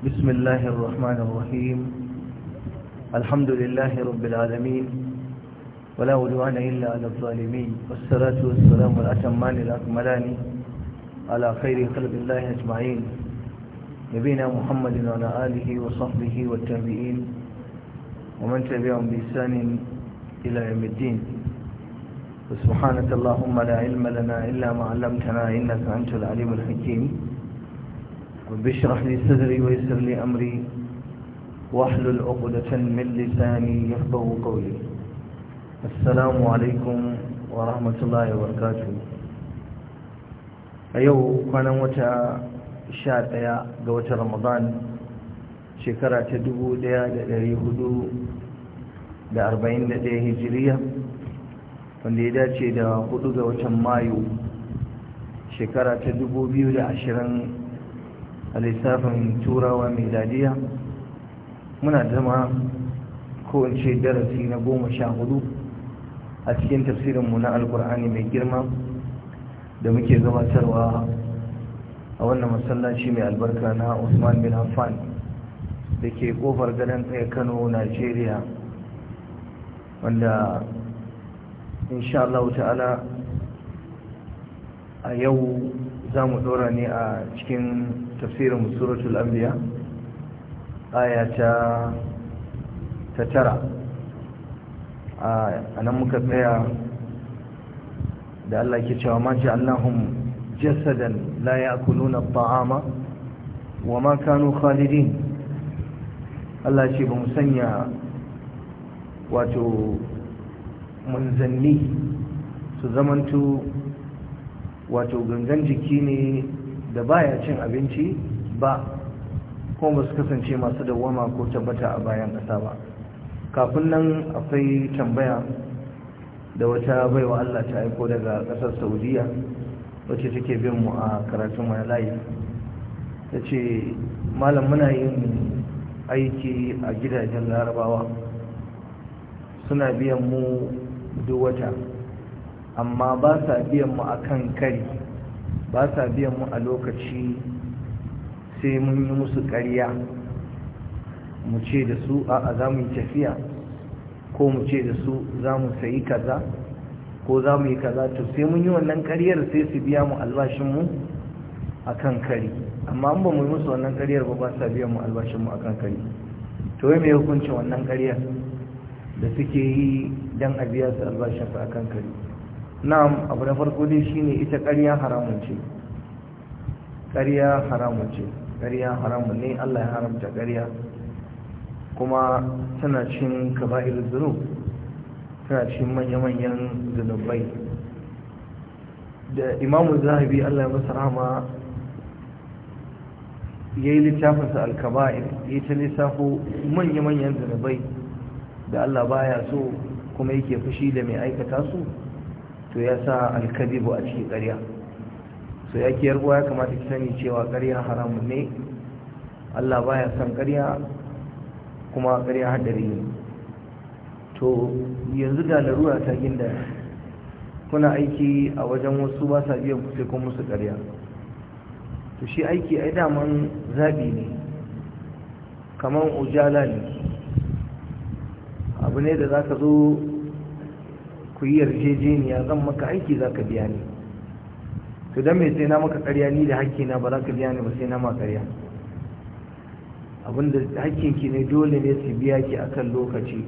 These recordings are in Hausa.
بسم الله الرحمن الرحيم الحمد لله رب العالمين ولا عدوان إلا على الظالمين والصلاة والسلام الأتمان الأكملان على خير خلق الله أجمعين نبينا محمد وعلى آله وصحبه والتابعين ومن تبعهم بإحسان إلى يوم الدين وسبحانك اللهم لا علم لنا إلا ما علمتنا إنك أنت العليم الحكيم رب اشرح لي صدري ويسر لي أمري واحلل عقدة من لساني يفقه قولي السلام عليكم ورحمة الله وبركاته a yau kwanan wata sha ɗaya ga wata ramadan shekara ta dubu ɗaya da ɗari hudu da arba'in da ɗaya hijiriya wanda ya dace da hudu ga watan mayu shekara ta dubu biyu da ashirin a lissafin turawa mai Ladiya, muna zama ko in ce darasi na goma sha hudu a cikin tafsirinmu na alkur'ani mai girma da muke gabatarwa a wannan masallaci mai albarka na usman bin affan da ke kofar gadon tsaye kano nigeria wanda insha Allah ta'ala a yau za mu dora ne a cikin tafsirin suratul anbiya aya ta ta tara a nan muka tsaya da Allah ke cewa ma ja'alnahum jasadan la ya'kuluna at-ta'ama wa ma kanu khalidin Allah ce ba mu sanya wato munzanni su zamantu wato gangan jiki ne da baya cin abinci ba kuma ba su kasance masu dawama ko tabbata a bayan ƙasa ba kafin nan akwai tambaya da wata baiwa Allah ta aiko daga ƙasar saudiya wacce take bin mu a karatun mai layi ta ce malam muna yin aiki a gidajen larabawa suna biyan mu duk wata amma ba sa biyan mu a kan kari ba sa biyan mu a lokaci sai mun yi musu ƙarya mu ce da su a za mu yi tafiya ko mu ce da su za mu sayi kaza ko za mu yi kaza to sai mun yi wannan ƙaryar sai su biya mu albashinmu a kan kari amma an ba mu yi musu wannan ƙaryar ba ba sa biyan mu albashinmu a kan kari to yi mai hukuncin wannan ƙaryar da suke yi don a biya su albashinsu a kan kari na'am abu na farko dai shine ita ƙarya haramun ce ƙarya haramun ce ƙarya haramun ne Allah ya haramta ƙarya kuma tana cin kaba'ir zunub tana cin manya-manyan zunubai da imamu zahabi Allah ya masa rama ya yi littafinsa alkaba'ir ya ta lissafo manya-manyan zunubai da Allah baya so kuma yake fushi da mai aikata su to ya sa alkadibu a cikin ƙarya so ya ke yarwa ya kamata ki sani cewa ƙarya haramun ne Allah baya son ƙarya kuma ƙarya haɗari ne to yanzu da larura ta ginda kuna aiki a wajen wasu ba sa biyan ku sai musu ƙarya to shi aiki a daman zaɓi ne kamar ujala ne abu ne da za ka zo ku yi yarjejeniya zan maka aiki za ka biya ni to don mai sai na maka karya ni da hakki na ba za ka biya ni ba sai na ma karya abinda hakkinki ne dole ne su biya ki akan lokaci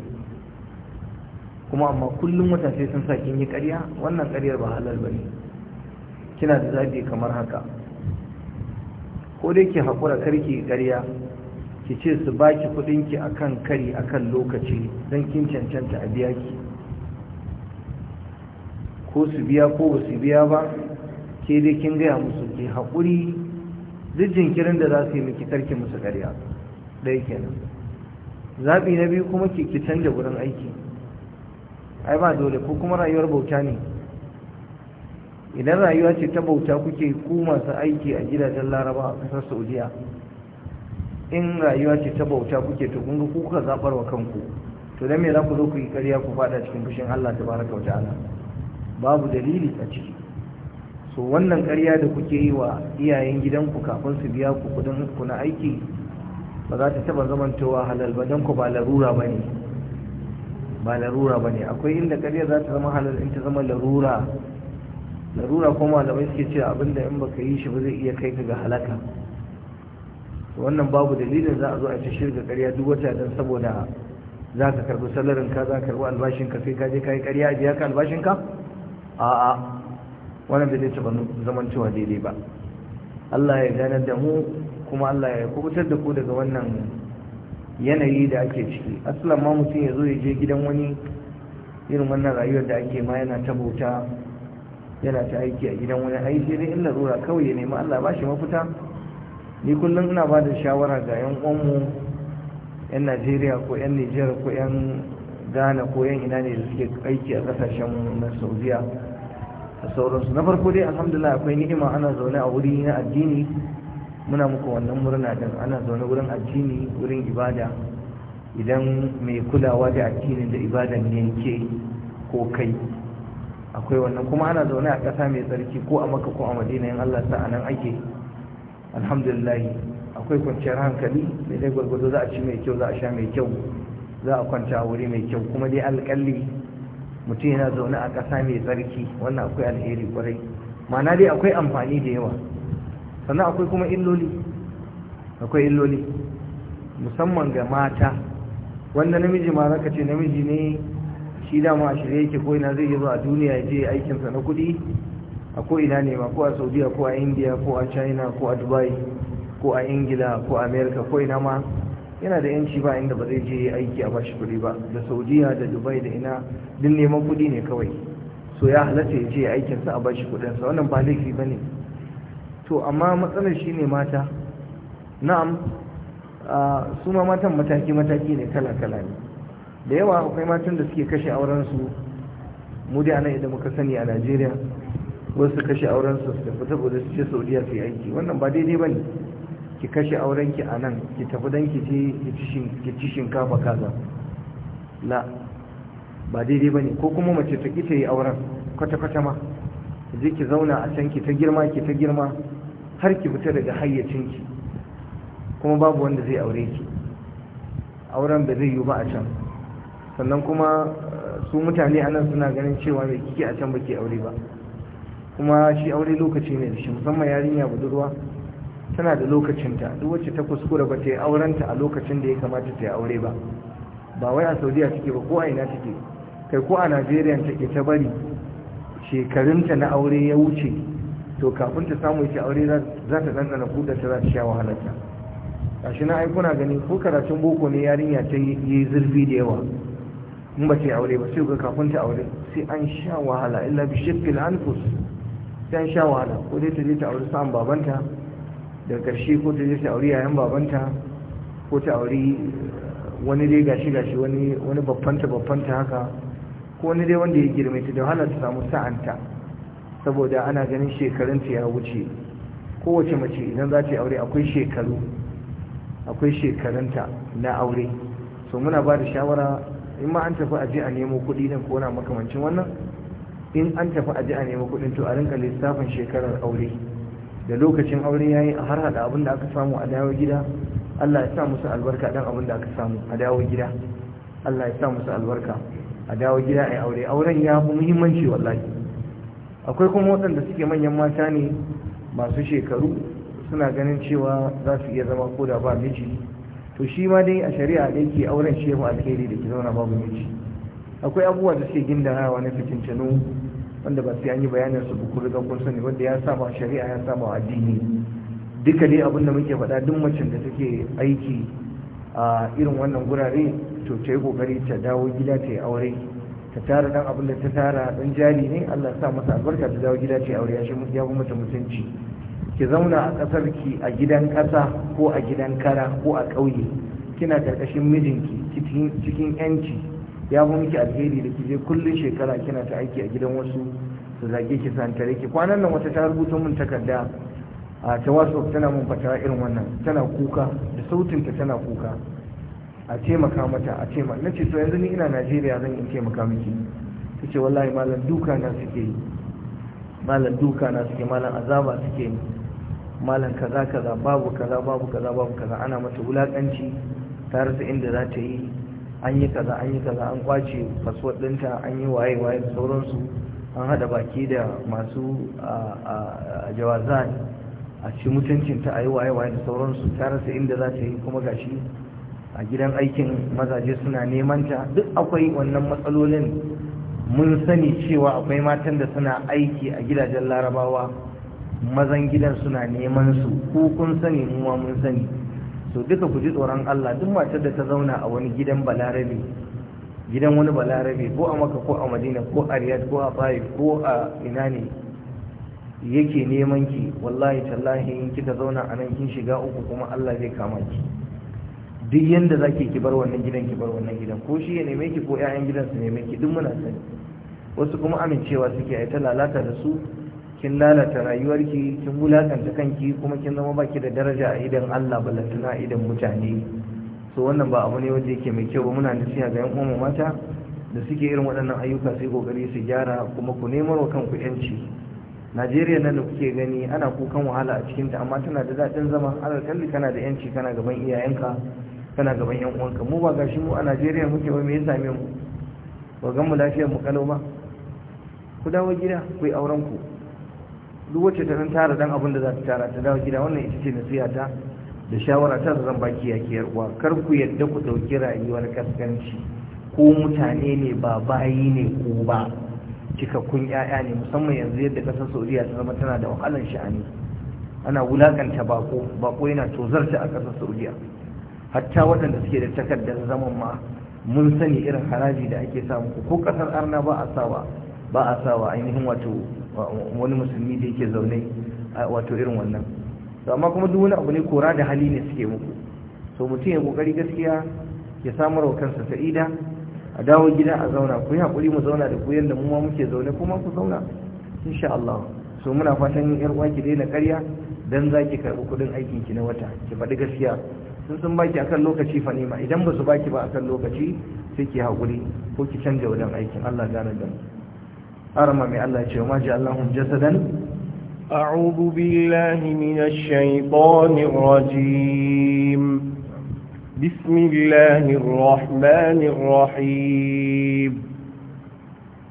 kuma amma kullum wata sai sun sa kin yi karya wannan karyar ba halal ba ne kina da zaɓi kamar haka ko dai ki haƙura karki karya ki ce su baki kuɗinki akan kari akan lokaci don kin cancanta a biya ki ko su biya ko ba su biya ba ke dai kin gaya musu ke haƙuri duk jinkirin da za su yi miki tarki musu ƙarya ɗaya kenan zaɓi na biyu kuma ke ki canja wurin aiki ai ba dole ko kuma rayuwar bauta ne idan rayuwa ce ta bauta kuke ku masu aiki a gidajen laraba a ƙasar saudiya in rayuwa ce ta bauta kuke to kun ga kuka zaɓar wa kanku to don me za ku zo ku yi ƙarya ku faɗa cikin fushin allah ta baraka wa ta'ala babu dalili a ciki so wannan ƙarya da kuke yi wa iyayen gidanku kafin su biya ku kudin ku na aiki ba za ta taba zamantowa halal ba don ku ba larura ba ne ba larura ba ne akwai inda ƙarya za ta zama halal in ta zama larura larura ko malamai suke cewa abinda in baka yi shi ba zai iya kai ka ga halaka wannan babu dalilin za a zo a ci shirga ƙarya duk wata don saboda za ka karbi salarin ka za ka karbi albashinka sai ka je ka yi ƙarya a biya ka albashinka a'a wannan bai zai taɓa zaman cewa daidai ba Allah ya ganar da mu kuma Allah ya kubutar da ku daga wannan yanayi da ake ciki asalan ma mutum ya zo ya je gidan wani irin wannan rayuwar da ake ma yana ta bauta yana ta aiki a gidan wani ai sai dai in larura kawai ya nemi Allah ba shi mafita ni kullum ina ba da shawara ga yan mu yan Najeriya ko yan Nijar ko yan Ghana ko yan ina ne da suke aiki a kasashen na Saudiya da sauransu na farko dai alhamdulillah akwai ni'ima ana zaune a wuri na addini muna muku wannan murna din ana zaune wurin addini wurin ibada idan mai kulawa da addinin da ibadan ne ke ko kai akwai wannan kuma ana zaune a ƙasa mai tsarki ko a maka ko a madina yin allah sa a nan ake alhamdulillah akwai kwanciyar hankali mai dai gwargwado za a ci mai kyau za a sha mai kyau za a kwanta a wuri mai kyau kuma dai alƙalli mutum yana zaune a ƙasa mai tsarki wannan akwai alheri kwarai ma'ana dai akwai amfani da yawa sannan akwai kuma illoli akwai illoli musamman ga mata wanda namiji ma zaka ce namiji ne shi dama a shirye yake ko ina zai yi zuwa duniya ya je aikinsa na kuɗi a ko ina ne ma ko a saudiya ko a indiya ko a china ko a dubai ko a ingila ko a america ko ina ma yana da yanci ba inda ba zai je aiki a bashi kuɗi ba da saudiya da dubai da ina duk neman kuɗi ne kawai so ya halatta ya je aikinsa a bashi kuɗinsa wannan ba laifi ba ne to amma matsalar shi ne mata na'am su ma matan mataki-mataki ne kala-kala ne da yawa akwai matan da suke kashe aurensu mu dai anan idan muka sani a najeriya wasu kashe aurensu su tafi saboda su je saudiya su yi aiki wannan ba daidai ba ne ki kashe aurenki a nan ki tafi don ki ci shinkafa kaza la ba daidai ba ne ko kuma mace ta ƙi yi auren kwata-kwata ma je ki zauna a can ki ta girma ki ta girma har ki fita daga hayyacinki kuma babu wanda zai aure ki auren ba zai yi ba a can sannan kuma eh, su mutane a nan suna ganin cewa mai kike a can ba ke aure ba kuma shi aure lokaci ne da shi musamman yarinya budurwa tana da lokacinta duk wacce ta kuskura ba ta yi aurenta a lokacin da ya kamata ta yi aure ba ba wai a saudiya take ba ko a ina take kai ko a najeriya take ta bari shekarunta na aure ya wuce to kafin ta samu ita aure za ta dandana kudar ta za ta sha wahalarta A shi na aikuna gani ko karatun boko ne yarinya ta yi zurfi da yawa in ba ta yi aure ba sai ga kafin ta aure sai an sha wahala illa bi anfus sai an sha wahala ko dai ta je ta aure sa'an babanta da ƙarshe ko ta je ta auri yayan babanta ko ta auri uh, wani dai gashi gashi wani wani babbanta babbanta haka ko wani dai wanda ya girme ta da wahala ta samu sa'anta saboda ana ganin shekarunta ya wuce kowace mace idan za ta yi aure akwai shekaru akwai shekarunta na aure so muna ba da shawara in ma an tafi aje a nemo kuɗi nan ko na makamancin wannan in an tafi aje a nemo kuɗin to a rinka lissafin shekarar aure da lokacin aure yayi a har hada abinda da aka samu a dawo gida Allah ya sa musu albarka dan abinda da aka samu a dawo gida Allah ya sa musu albarka a dawo gida ai aure auren ya fi muhimmanci wallahi akwai kuma waɗanda suke manyan mata ne masu shekaru suna ganin cewa za su iya zama koda ba miji to shi ma dai a shari'a da yake auren shi ya fi alheri da ke zauna babu miji akwai abubuwa da suke gindarawa na fitintanu wanda ba sai an yi bayanin su ku riga kun sani wanda ya saba shari'a ya saba addini duka ne abin da muke faɗa duk macen da take aiki a irin wannan gurare to ta yi kokari ta dawo gida ta yi aure ta tara dan abin da ta tara dan jari ne Allah sa masa albarka ta dawo gida ta yi aure ya fi mata mutunci ki zauna a kasar ki a gidan kasa ko a gidan kara ko a ƙauye kina karkashin mijinki cikin yanci ya fi miki alheri da ki je kullum shekara kina ta aiki a gidan wasu su zage ki santare ki kwanan nan wata ta rubuta mun takarda a ta wasu tana mun fata irin wannan tana kuka da sautinta tana kuka a taimaka mata a taimaka na ce to yanzu ni ina najeriya zan in taimaka miki ta ce wallahi malam duka na suke yi malam duka na suke malam azaba suke yi malam kaza kaza babu kaza babu kaza babu kaza ana mata wulakanci ta rasa inda za ta yi an yi kaza an yi kaza an kwace password ɗinta an yi waye waye da sauransu an haɗa baki da masu jawazan a ci mutuncinta a yi waye waye da sauransu ta rasa inda za ta yi kuma gashi a gidan aikin mazaje suna neman ta duk akwai wannan matsalolin mun sani cewa akwai matan da suna aiki a gidajen larabawa mazan gidan suna neman su ko kun sani mu mun sani to duka ku ji tsoron Allah duk mace da ta zauna a wani gidan balarabe gidan wani balarabe ko a maka ko a madina ko a riyad ko a fayi ko a ina ne yake neman ki wallahi tallahi in kika zauna a nan kin shiga uku kuma Allah zai kama ki duk yanda zake ki bar wannan gidan ki bar wannan gidan ko shi ya neme ki ko ƴaƴan gidan su neme ki duk muna sani wasu kuma amincewa suke ai ta lalata da su kin lalata rayuwarki kin wulakanta kanki kuma kin zama baki da daraja a idan Allah ballatuna a idan mutane so wannan ba abu ne wanda yake mai kyau ba muna nasiha ga yan uwan mata da suke irin waɗannan ayyuka sai kokari su gyara kuma ku nemar wa kanku yanci Najeriya nan da kuke gani ana kukan wahala a cikinta amma tana da daɗin zama alal kalli kana da yanci kana gaban iyayenka kana gaban yan uwanka mu ba gashi mu a Najeriya muke wai me ya same mu ba gan lafiyar mu kalau ba ku dawo gida ku yi aurenku. ku duk wacce ta san tara dan abin da za ta tara ta dawo gida wannan ita ce nasiha ta da shawara ta zan baki ya ke yarwa kar ku yadda ku dauki rayuwar kaskanci ko mutane ne ba bayi ne ko ba cikakkun ƴaƴa ne musamman yanzu yadda kasar Saudiya ta zama tana da wahalar sha'ani ana wulakanta bako bako yana tozarta a kasar Saudiya hatta waɗanda suke da takardar zaman ma mun sani irin haraji da ake samu ko kasar arna ba a sawa ba a sa wa ainihin wato wani musulmi da yake zaune wato irin wannan amma kuma duk wani abu ne kora da hali ne suke muku so mutum ya kokari gaskiya ya samar wa kansa sa'ida a dawo gida a zauna ku yi hakuri mu zauna da ku yadda mu ma muke zaune kuma ku zauna insha Allah so muna fatan yin yar uwa ki daina ƙarya dan zaki karɓi kuɗin aikin ki na wata ki faɗi gaskiya sun sun baki akan lokaci fa ne idan ba su baki ba akan lokaci sai ki hakuri ko ki canja wajen aikin Allah gane da mu أرمى من الله يتشي وما جعلناهم جسدا أعوذ بالله من الشيطان الرجيم بسم الله الرحمن الرحيم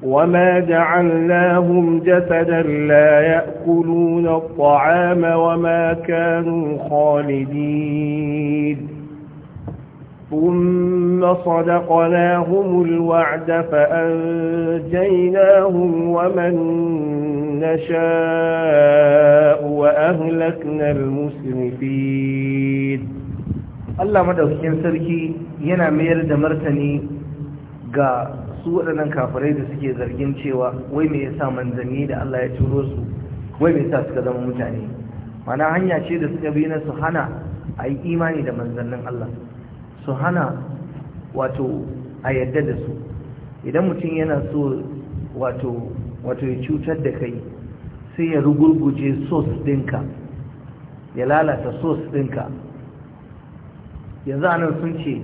وما جعلناهم جسدا لا يأكلون الطعام وما كانوا خالدين ثم صدقناهم الوعد فأنجيناهم ومن نشاء وأهلكنا المسرفين Allah madaukakin sarki yana mayar da martani ga su waɗannan kafirai da suke zargin cewa wai me yasa manzanni da Allah ya turo su wai me yasa suka zama mutane mana hanya ce da suka bi na su hana a yi imani da manzannin Allah su hana wato a yadda da su idan mutum yana so wato wato ya cutar da kai sai ya rugurguje sos dinka ya lalata sos dinka yanzu anan sun ce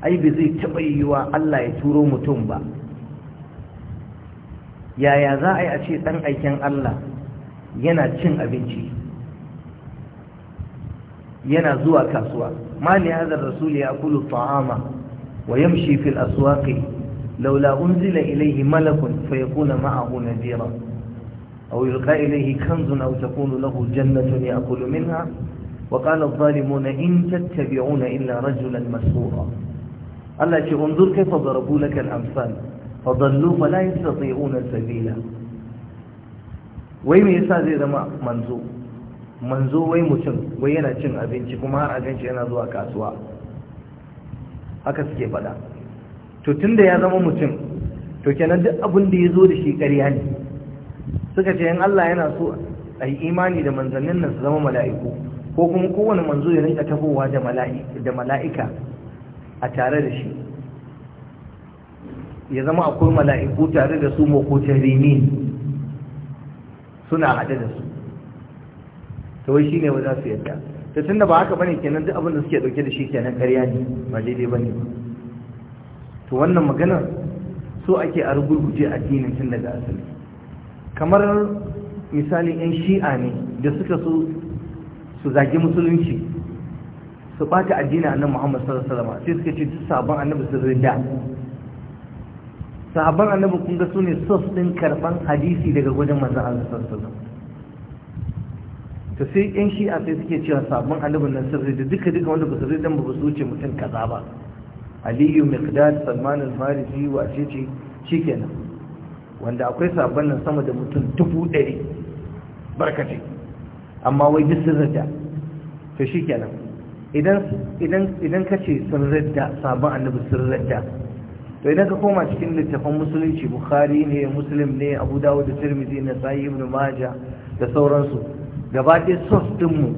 ai ba zai taɓa yiwuwa Allah ya turo mutum ba yaya za a yi a ce ɗan aiken Allah yana cin abinci yana zuwa kasuwa ما لهذا الرسول يأكل الطعام ويمشي في الأسواق لولا أنزل إليه ملك فيكون معه نذيرا أو يلقى إليه كنز أو تكون له جنة يأكل منها وقال الظالمون إن تتبعون إلا رجلا مسهورا الله انظر كيف ضربوا لك الأمثال فضلوا فلا يستطيعون سبيلا ويمي يسا زي منزوب manzo wai mutum wai yana cin abinci kuma har abinci yana zuwa kasuwa haka suke faɗa to tunda ya zama mutum to kenan duk abin da ya zo da shi ƙarya ne suka ce in Allah yana so a yi imani da manzannin nan su zama mala'iku ko kuma kowane manzo ya rinka tafowa da mala'ika a tare da shi ya zama akwai mala'iku tare da su makotarini suna haɗe da su ta wai shine wai za su yadda tun tunda ba haka bane kenan duk abinda suke dauke da shi kenan karya ne ba daidai bane to wannan maganar so ake a rubuce addinin tun daga asali kamar misali yan shi'a ne da suka so su zagi musulunci su bata addinin annabi Muhammad sallallahu alaihi wasallam sai suka ce duk sabon annabi sun rinda sahabban annabi kun ga sune sos din karban hadisi daga gudun manzon Allah sallallahu alaihi wasallam to sai yan shi'a sai suke cewa sabon alibin nan sirri da duka duka wanda ba su dan ba su wuce mutum kaza ba aliyu miqdad salman al-farisi wa shi shikenan wanda akwai sabon nan sama da mutum dubu ɗari Barkace. amma wai duk sun radda to shikenan idan idan idan ce sun radda sabon annabi sun radda to idan ka koma cikin littafin musulunci bukhari ne muslim ne abu dawud da tirmidhi na sahih ibn majah da sauransu gaba ɗaya sos ɗinmu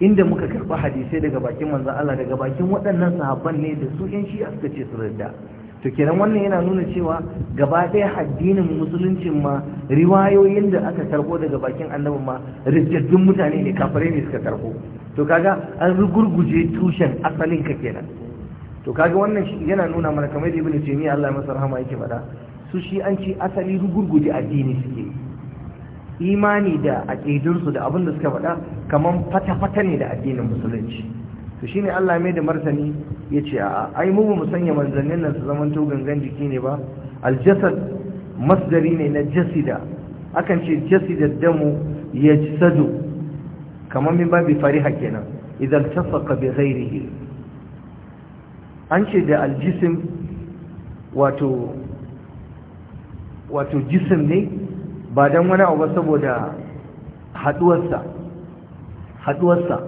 inda muka karɓi hadisai daga bakin manzan Allah daga bakin waɗannan sahabban ne da su ƴan a suka ce su radda to kenan wannan yana nuna cewa gaba ɗaya addinin musuluncin ma riwayoyin da aka karɓo daga bakin annabin ma rijjaddun mutane ne kafare ne suka karɓo to kaga an rugurguje tushen asalin ka kenan to kaga wannan yana nuna mana kamar da ibnu jami'a Allah ya masa rahama yake faɗa su shi an ci asali rugurguje addini suke imani da aƙidunsu da abin da suka faɗa kaman fata-fata ne da addinin musulunci to shine Allah mai da martani ya ce a ai mu mu sanya manzannin nan su zamanto gangan jiki ne ba aljasad masdari ne na jasida akan ce jasida damu ya sadu kamar min babi fariha kenan idan tasaka bi ghairihi an ce da aljisim wato wato jisim ne ba don wani abu saboda haduwarsa haduwarsa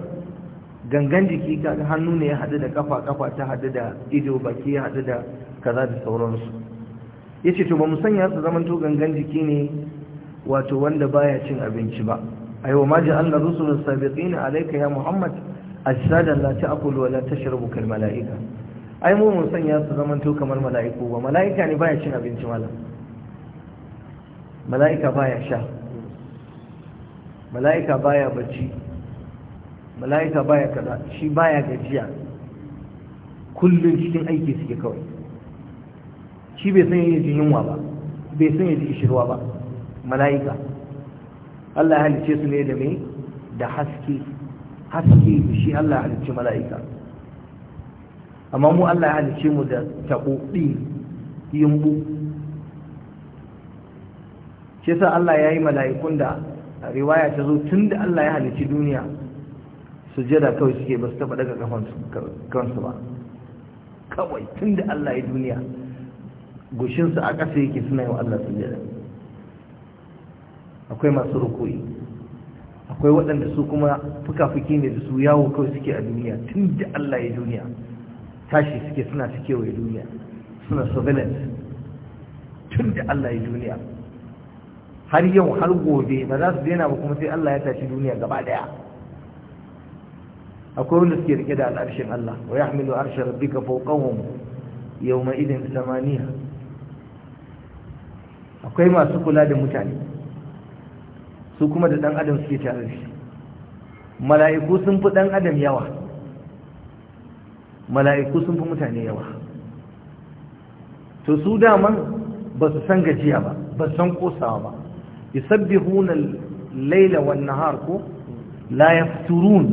gangan jiki hannu ne ya haɗu da kafa kafa ta haɗu da ido baki ya haɗu da kaza da sauransu ya ce to ba musanya su zaman to gangan jiki ne wato wanda baya cin abinci ba wa maji an allah su sabiqina alaika ya muhammad ajsadan la ta'kulu wa la tashrabu kal mala'ika ai mu musanya su zaman to kamar mala'iku ba mala'ika ne baya cin abinci malam mala'ika baya sha mala'ika baya bacci mala'ika baya kaza shi baya gajiya kullum cikin aiki suke kawai shi bai san yaji yunwa ba bai san yaji shirwa ba mala'ika Allah ya halice su ne da me da haske haske shi Allah ya halice mala'ika amma mu Allah ya halice mu da taɓo ɗin shi yasa Allah ya yi mala'ikun da riwaya ta zo tun da Allah ya halicci duniya da kawai suke ba su taɓa daga kansu ba kawai tun da Allah ya duniya gushinsu a ƙasa yake suna yi wa Allah sujjada akwai masu rukuri akwai waɗanda su kuma fuka-fuki ne da su yawo kawai suke a duniya tun da Allah ya duniya tashi suke suna suke wa duniya suna surveillance tun da Allah ya duniya har yau har gobe ba za su daina ba kuma sai Allah ya tashi duniya gaba daya akwai wanda suke rike da al'arshin Allah wa yahmilu arsha rabbika fawqahum yawma idin samaniya akwai masu kula da mutane su kuma da dan adam suke tare da shi mala'iku sun fi dan adam yawa mala'iku sun fi mutane yawa to su daman ba su san gajiya ba ba su san kosawa ba yusabbihuna al-laila wan nahar ko la yafturun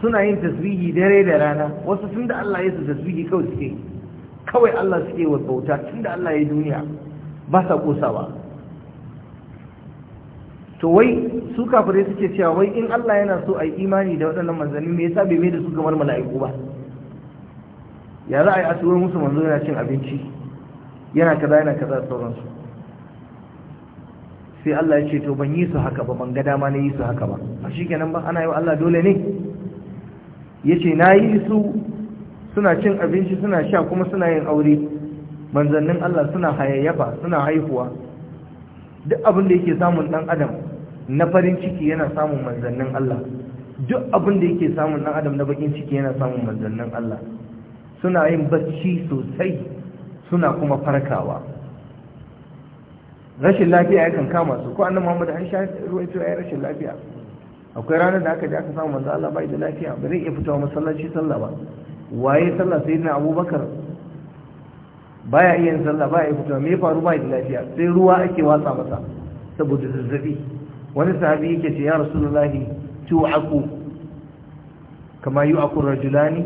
suna yin tasbihi dare da rana wasu tunda Allah ya su tasbihi kawai suke kawai Allah suke wa bauta tunda Allah ya duniya ba sa kosawa to wai su kafirai suke cewa wai in Allah yana so a yi imani da waɗannan manzanni me yasa bai mai da su kamar mala'iku ba ya a yi a musu manzo yana cin abinci yana kaza yana kaza sauransu sai Allah ya ce to ban yi su haka ba ban ga dama na yi su haka ba a shikenan ba ana yi wa Allah dole ne yace na yi su suna cin abinci suna sha kuma suna yin aure manzannin Allah suna hayayyafa suna haihuwa duk abin da yake samun dan adam na farin ciki yana samun manzannin Allah duk abin da yake samun dan adam na bakin ciki yana samun manzannin Allah suna yin bacci sosai suna kuma farkawa rashin lafiya yakan kama su ko annabi Muhammad an sha ruwaito ya rashin lafiya akwai ranar da aka je aka samu manzo Allah bai da lafiya ba zai iya fitowa masallaci sallah ba waye sallah sayyidina Abubakar baya iya sallah baya iya fitowa me faru bai da lafiya sai ruwa ake watsa masa saboda zazzabi wani sahabi yake ce ya rasulullahi tu'aku kama aku rajulani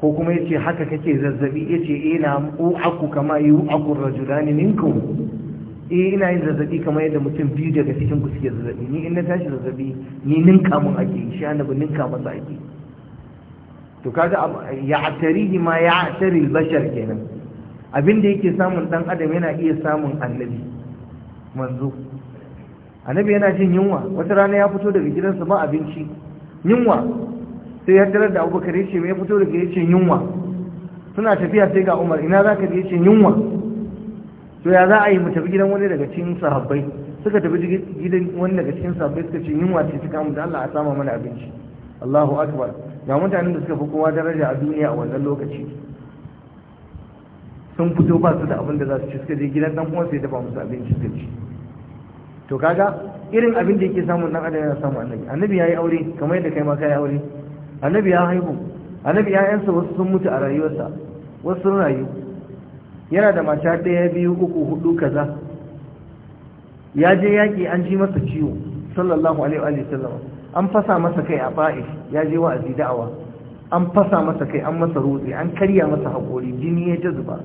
ko kuma yace haka kake zazzabi yace ina eh, aku kama aku rajulani minkum eh ina yin zazzabi kamar yadda mutum biyu daga cikin ku suke zazzabi ni in na tashi zazzabi ni ninka mun ake shi annabi ninka masa ake to kaga atarihi ma ya atari albashar kenan abinda yake samun dan adam yana iya samun annabi manzo annabi yana jin yunwa wata rana ya fito daga gidansa ba abinci yunwa sai ya tarar da abubakar ya ce me ya fito daga ya ce yunwa suna tafiya sai ga umar ina za ka je ya ce yunwa to ya za a yi mu tafi gidan wani daga cikin sahabbai suka tafi gidan wani daga cikin sahabbai suka ce yunwa ce suka mu da Allah a sama mana abinci Allahu akbar ga mutanen da suka fi kowa daraja a duniya a wannan lokaci sun fito ba su da abin da za su ci suka je gidan dan uwansa ya dafa musu abinci suka ci to kaga irin abin da yake samun nan adam ya samu annabi annabi yi aure kamar yadda kai ma ka yi aure annabi ya haihu annabi ya yansa wasu sun mutu a rayuwarsa wasu sun rayu yana da mata ɗaya biyu uku hudu kaza ya je yaƙi an ji masa ciwo sallallahu alaihi wa sallam an fasa masa kai a fa'is ya je wa'azi da'awa an fasa masa kai an masa rotsi an karya masa haƙori jini ya ta zuba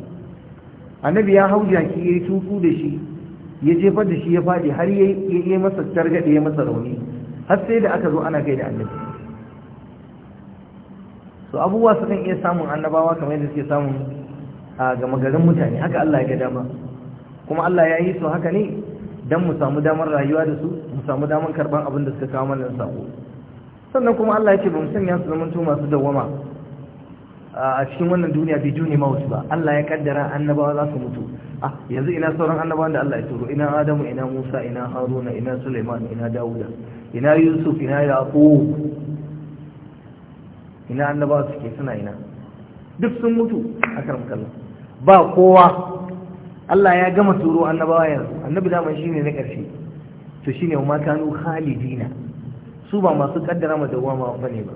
annabi ya hau jaki ya yi tutu da shi ya jefar da shi ya faɗi har ya yi masa targaɗe ya masa rauni har sai da aka zo ana kai da annabi so abubuwa sukan iya samun annabawa kamar yadda suke samun a gama garin mutane haka Allah ya ga dama kuma Allah ya yi su haka ne don mu samu damar rayuwa da su mu samu damar karban abin da suka kawo mana sako sannan kuma Allah ya ce ba mu sanya su zaman to masu dawama a cikin wannan duniya bai juni wasu ba Allah ya kaddara annabawa za su mutu a ah, yanzu ina sauran annabawan da Allah ya turo ina Adamu ina Musa ina Haruna ina Suleiman ina Dawuda ina Yusuf ina Yaqub ina annabawa suke suna ina duk sun mutu a karam ba kowa Allah ya gama turo annabawa yanzu annabi daman ne na ƙarshe to ne ma kanu halidina, su ba masu kaddara ma dawama bane ba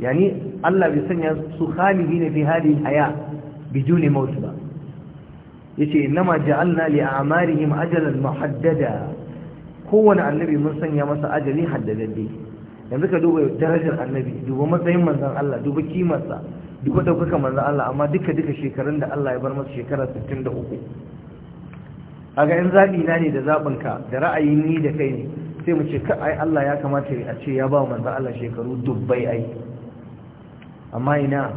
yani Allah bai sanya su khalidina fi hadi haya bidun maut ba yace innama ja'alna li a'marihim ajalan muhaddada kowane annabi mun sanya masa ajali haddadadde yanzu ka duba darajar annabi duba matsayin manzan Allah duba kimarsa duba daukaka manzan Allah amma duka duka shekarun da Allah ya bar masa shekara 63 a ga 'yan zaɓi na ne da zaɓin ka da ra'ayin ni da kai ne sai mu ce ka ai Allah ya kamata a ce ya ba manzan Allah shekaru dubbai ai amma ina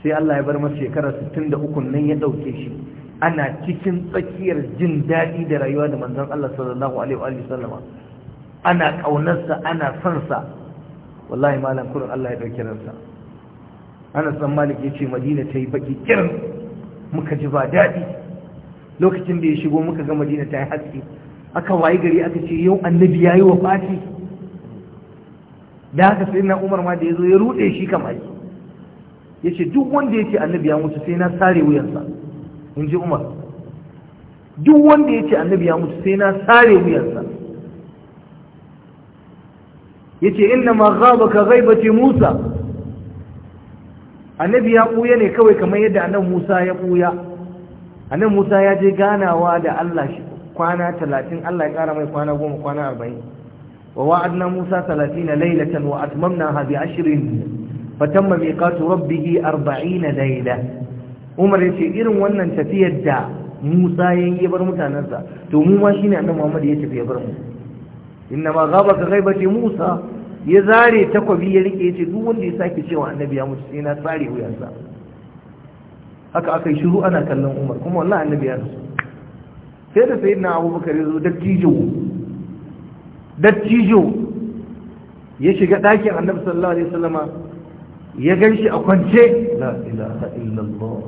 sai Allah ya bar masa shekara 63 nan ya ɗauke shi ana cikin tsakiyar jin daɗi da rayuwa da manzan Allah sallallahu alaihi wa sallama ana ƙaunarsa ana son sa wallahi malam kurin Allah ya ɗauki ransa ana san malik yace, madina ta yi baki kirin muka ji ba daɗi lokacin da ya shigo muka ga madina ta yi haske aka wayi gari aka ce yau annabi ya yi wa da haka sai na umar ma da ya zo ya rude shi kamar ya ce duk wanda ya ce annabi ya mutu sai na sare wuyansa in ji umar duk wanda ya ce annabi ya mutu sai na sare wuyansa yace inna ma ghabaka ghaibati Musa annabi ya buya ne kawai kamar yadda annabi Musa ya buya annabi Musa ya je ganawa da Allah shi kwana 30 Allah ya kara mai kwana 10 kwana 40 wa wa'adna Musa 30 laylatan wa atmamnaha bi 20 fatamma miqatu rabbih 40 layla Umar yace irin wannan tafiyar da Musa yayin ya bar mutanansa to mu ma shine annabi Muhammad ya tafi ya bar mu inna ma gaba ka gaibati musa ya zare takwabi ya rike ya ce duk wanda ya sake cewa annabi ya mutu sai na tsare wuyansa haka aka yi shiru ana kallon umar kuma wallahi annabi ya rasu sai da sayyidina abubakar ya zo dattijo dattijo ya shiga ɗakin annabi sallallahu alaihi wasallama ya gan shi a kwance la ilaha illallah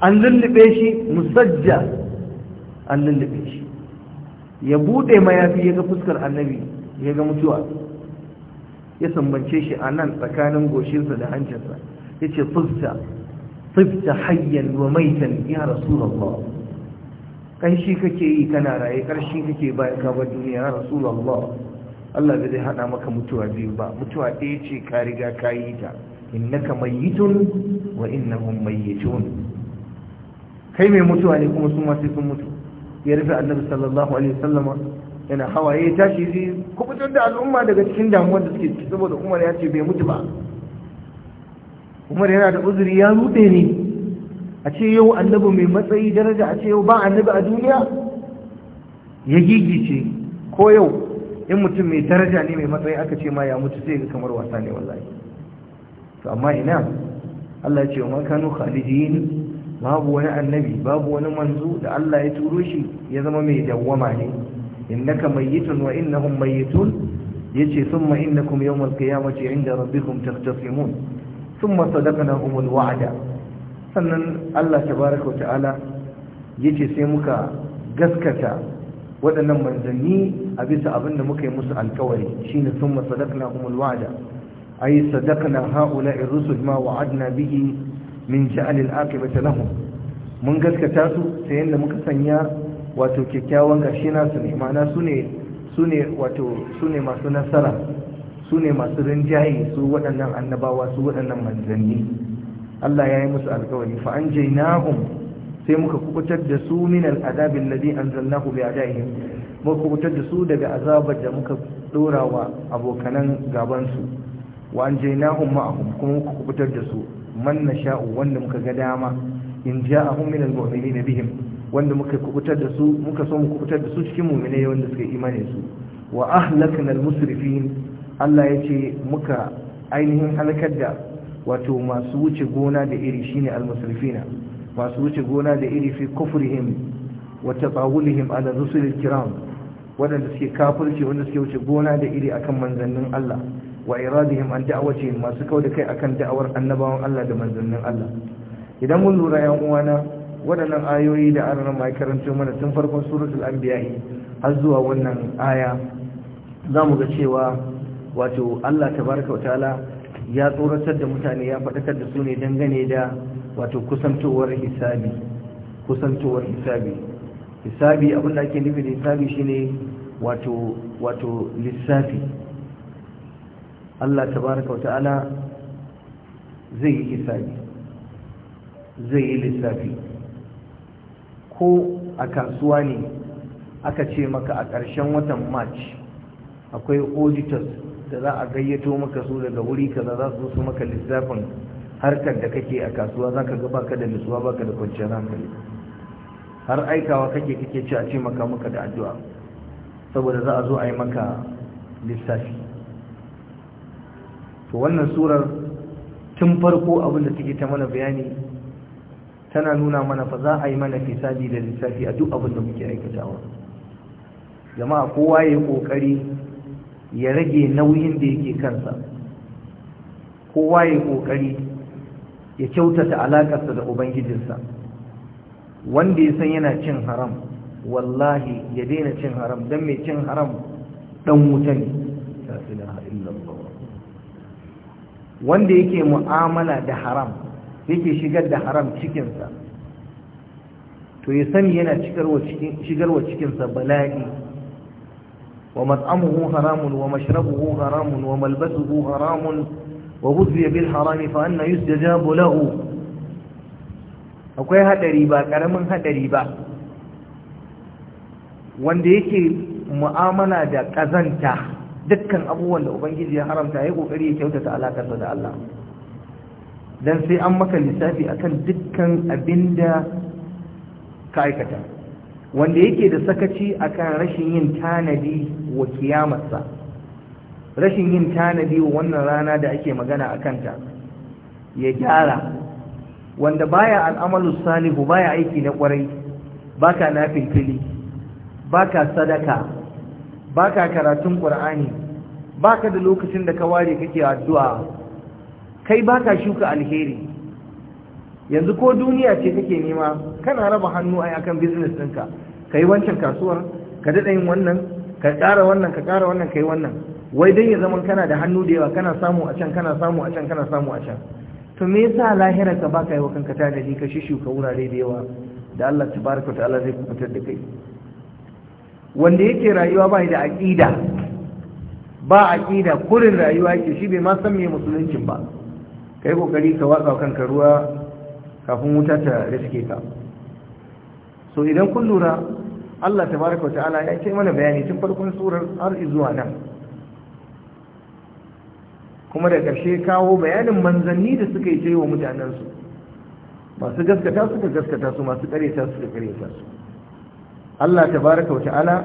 an lullube shi musajja an lullube shi ya bude mayafi ya ga fuskar annabi ya ga mutuwa ya sambance shi a nan tsakanin goshinsa da hancinsa ya ce fusta fusta hayyan wa maitan ya rasulallah ƙanshi kake yi kana raye ƙarshi kake bayan kabar duniya ya rasu Allah da zai hada maka mutuwa biyu ba mutuwa ɗaya ce ka riga ka yi ta innaka mayyitun wa innahum tun. kai mai mutuwa ne kuma su masu sun mutu ya rufe annabi sallallahu alaihi wasallama yana hawaye ya tashi zai kubutar da al'umma daga cikin damuwar da suke saboda umar ya ce bai mutu ba umar yana da uzuri ya rude ne a ce yau annabi mai matsayi daraja a ce yau ba annabi a duniya ya gigice ko yau in mutum mai daraja ne mai matsayi aka ce ma ya mutu sai ga kamar wasa ne wallahi to amma ina Allah ya ce wa man kanu khalidin babu wani annabi babu wani manzo da Allah ya turo shi ya zama mai dawwama ne innaka mayyitun wa innahum mayyitun yace thumma innakum yawmal qiyamati inda rabbikum tahtasimun thumma sadaqnahum alwa'da sannan Allah tabaaraka ta'ala yace sai muka gaskata waɗannan manzanni a bisa abin da muka yi musu alkawari shine thumma sadaqnahum alwa'da ay sadaqna ha'ula'i rusul ma wa'adna bihi min sha'anil aqibati lahum mun gaskata su sai yanda muka sanya wato kyakkyawan na su ne ma'ana su ne su ne wato su ne masu nasara su ne masu rinjaye su waɗannan annabawa su waɗannan manzanni Allah ya yi musu alkawari fa an jainahum sai muka kubutar da su min al'adabi alladhi anzalnahu bi adaihim muka kubutar da su daga azabar da muka dora wa abokanan gaban su wa an jainahum ma'ahum kuma muka kubutar da su man nasha'u wanda muka ga dama in ja'ahum min almu'minin bihim wanda muka kubutar da su muka so mu kubutar da su cikin mu'minai wanda suka imani su wa ahlakna almusrifin Allah yace muka ainihin halakar da wato masu wuce gona da iri shine almusrifina masu wuce gona da iri fi kufrihim wa tatawulihim ala rusulil kiram wadanda suke kafirci wanda suke wuce gona da iri akan manzannin Allah wa iradihim an da'awatihim masu kawo da kai akan da'awar annabawan Allah da manzannin Allah idan mun lura yan uwana waɗannan ayoyi da an rama karanto mana tun farkon suratul anbiya har zuwa wannan aya zamu ga cewa wato Allah tabaraka wa ta'ala ya tsoratar da mutane ya faɗakar da su ne dangane da wato kusantowar hisabi kusantowar hisabi hisabi ake nufi da hisabi shine wato wato lissafi Allah tabaraka wa ta'ala zai yi hisabi zai yi lissafi ko a kasuwa ne aka ce maka a ƙarshen watan march akwai auditors da za a gayyato maka su daga wuri kaza za su su maka lissafin harkar da kake a kasuwa za ka ga baka da nutsuwa baka da kwanciyar hankali har aikawa kake kake ci a ce maka maka da addu'a saboda za a zo a yi maka lissafi to wannan surar tun farko abin da take ta mana bayani tana nuna mana fa za a yi mana fisabi da lissafi a duk abin da muke aikatawa jama'a kowa ya yi kokari ya rage nauyin da yake kansa kowa ya yi kokari ya kyautata alakarsa da ubangijinsa wanda ya san yana cin haram wallahi ya daina cin haram don mai cin haram dan wuta ne wanda yake mu'amala da haram yake shigar da haram cikinsa to ya sani yana shigarwa cikinsa bala'i wa mat'amuhu haramun wa mashrabuhu haramun wa malbasuhu haramun wa gudbiya bil harami fa anna yusjajabu lahu akwai hadari ba karamin hadari ba wanda yake mu'amala da kazanta dukkan abubuwan da ubangiji ya haramta ya kokari ya kyautata alakarsa da Allah dan sai an maka lissafi akan dukkan abinda ka aikata wanda yake da sakaci akan rashin yin tanadi wa kiyamarsa rashin yin tanadi wa wannan rana da ake magana a kanta ya gyara wanda baya al'amalu salihu baya aiki na kwarai baka nafilfili baka sadaka baka karatun qur'ani baka da lokacin da ka ware kake addu'a kai baka shuka alheri yanzu ko duniya ce kake nema kana raba hannu ai akan business ɗinka kai wancan kasuwar ka daɗa yin wannan ka ƙara wannan ka ƙara wannan kai wannan wai don ya zama kana da hannu da yawa kana samu a can kana samu a can kana samu a can to me yasa lahira ka baka yi wa kanka tanadi ka ka wurare da yawa da Allah tabaraka ta'ala zai kubutar da kai wanda yake rayuwa ba da aƙida ba aƙida kurin rayuwa yake shi bai ma san me musuluncin ba kai kokari ka watsa kanka ruwa kafin wuta ta riske ka so idan kun lura Allah tabaraka wa ta'ala ya ce mana bayani tun farkon surar har zuwa nan kuma da ƙarshe kawo bayanin manzanni da suka yi wa mutanensu masu gaskata suka gaskata su masu ƙareta suka ƙareta su Allah tabaraka wa ta'ala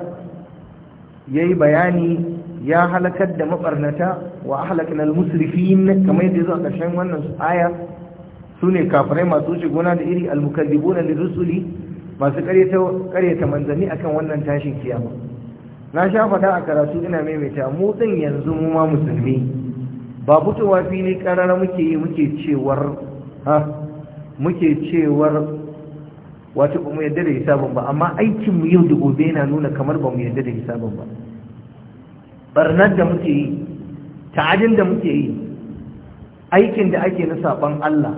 yayi bayani ya halakar da mabarnata wa ahlakna al-musrifin kamar yadda zuwa karshen wannan aya sune kafirai masu wuce gona da iri al-mukallibuna lirusuli masu karyata karyata manzanni akan wannan tashin kiyama na sha fada a karatu ina maimaita mu din yanzu mu ma musulmi ba fitowa fili karara muke yi muke cewar ha muke cewar wato ba mu yadda da hisabin ba amma aikin mu yau da gobe yana nuna kamar ba mu yadda da hisabin ba barnar da muke yi ta'adin da muke yi aikin da ake na saban Allah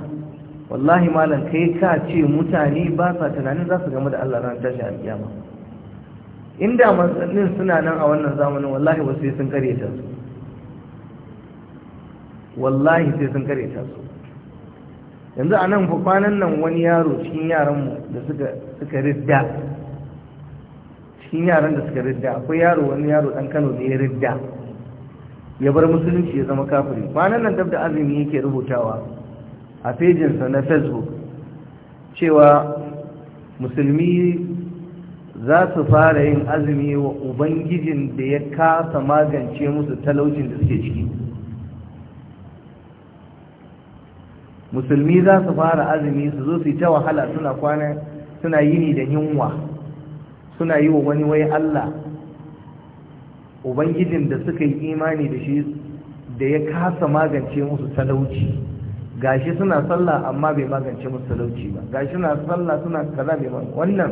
wallahi malam kai ka ce mutane ba sa tunanin za su game da Allah ran tashi ba. inda manzannin suna nan a wannan zamanin wallahi wasu sun kare ta wallahi sai sun kare ta su yanzu a nan kwanan nan wani yaro cikin yaranmu da suka ridda cikin yaran da suka ridda akwai yaro wani yaro dan kano da ya ridda ya bar musulunci ya zama kafiri kwanan nan dab da azumi yake rubutawa a fejinsa na facebook cewa musulmi za su fara yin azumi wa ubangijin da ya kasa magance musu talaucin da suke ciki musulmi za su fara azumi su zo su yi ta wahala suna kwana suna yini da yunwa suna yi wa wani wai Allah ubangijin da suka yi imani da shi da ya kasa magance musu talauci gashi suna sallah amma bai magance musu talauci ba gashi suna sallah suna kaza bai ba wannan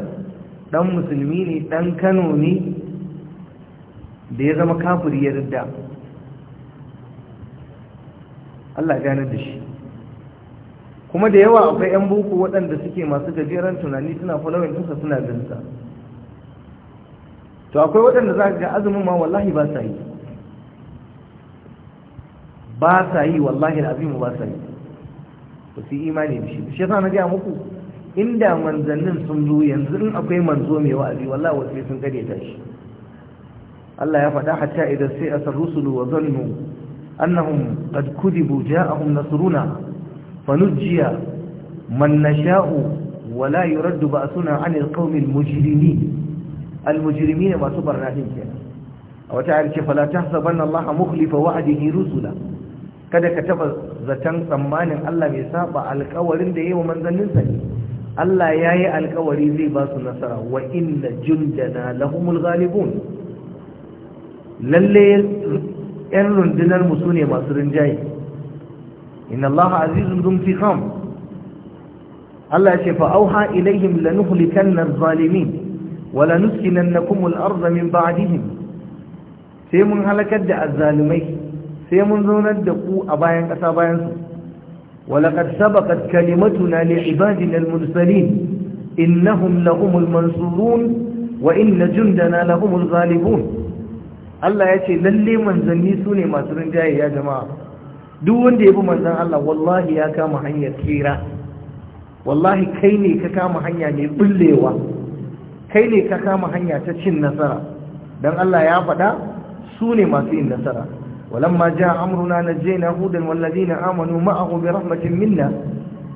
dan musulmi ne dan Kano ne da ya zama kafiri ya ridda Allah ganar da shi kuma da yawa akwai 'yan boko waɗanda suke masu gajeren tunani suna falawin tusa suna binsa to akwai waɗanda za ga azumin ma wallahi ba sa yi ba sa yi wallahi da al'azimu ba sa yi ba su imani da shi shi sa na gaya muku inda manzannin sun zo yanzu in akwai manzo mai wa'azi wallahi wasu sun kare ta shi Allah ya faɗa hatta idan sai asar rusulu wa zannu annahum qad kudibu ja'ahum nasruna fanujjiya man nasha'u wala yuraddu ba'suna 'anil qaumil mujrimin al mujrimin masu barnahin kenan a wata ayar ce fala tahsabanna Allah mukhlifa wa'dihi rusula kada ka taɓa zaton tsammanin Allah mai saɓa alƙawarin da yayi wa manzanninsa ne Allah yayi alƙawari zai ba su nasara wa inna jundana lahumul ghalibun lalle yan rundunar mu sune masu rinjaye inna allaha azizun dum tiqam Allah ya ce fa auha ilaihim lanuhlikanna adh-dhalimin wa lanuskinannakum al-ardha min ba'dihim sai mun halakar da azzalumai sai mun zaunar da ku a bayan ƙasa bayan su wa laqad sabaqat kalimatuna li ibadina al-mursalin innahum lahumul mansurun wa inna jundana lahumul ghalibun Allah ya ce lalle manzanni su ne masu rinjaye ya jama'a duk wanda ya bi manzan Allah wallahi ya kama hanyar tsira wallahi kai ne ka kama hanya mai bullewa kai ne ka kama hanya ta cin nasara Don Allah ya faɗa su ne masu yin nasara ولما na أمرنا نجينا na amanu آمنوا معه برحمة minna,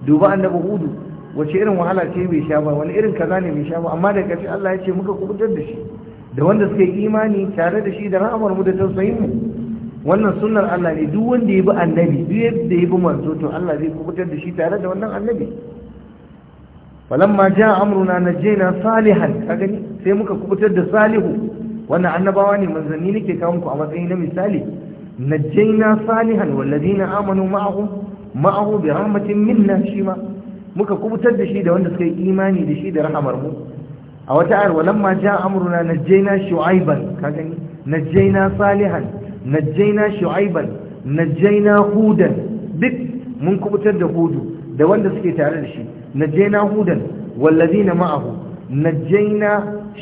duba أن hudu. wace irin wahala ce bai sha ba wani irin kaza ne bai sha ba amma da ƙarshe Allah ya ce muka kubutar da shi da wanda suka yi imani tare da shi da ra'amar mu da tausayin mu wannan sunnar Allah ne duk wanda ya bi annabi duk da ya bi manzo to Allah zai kubutar da shi tare da wannan annabi falamma jaa amruna najjayna salihan ka gani sai muka kubutar da salihu wannan annabawa ne manzanni nake kawo muku a matsayin na misali najjayna salihan walladina amanu ma'ahu ma'ahu bi rahmatin minna shima, muka kubutar da shi da wanda suka yi imani da shi da rahamar mu a wata ayar walamma jaa amruna najjayna shu'aiban ka gani najjayna salihan najjaina shu'aiban najjaina hudan duk mun kubutar da hudu da wanda suke tare da shi najjaina hudan wallazina ma'ahu najjaina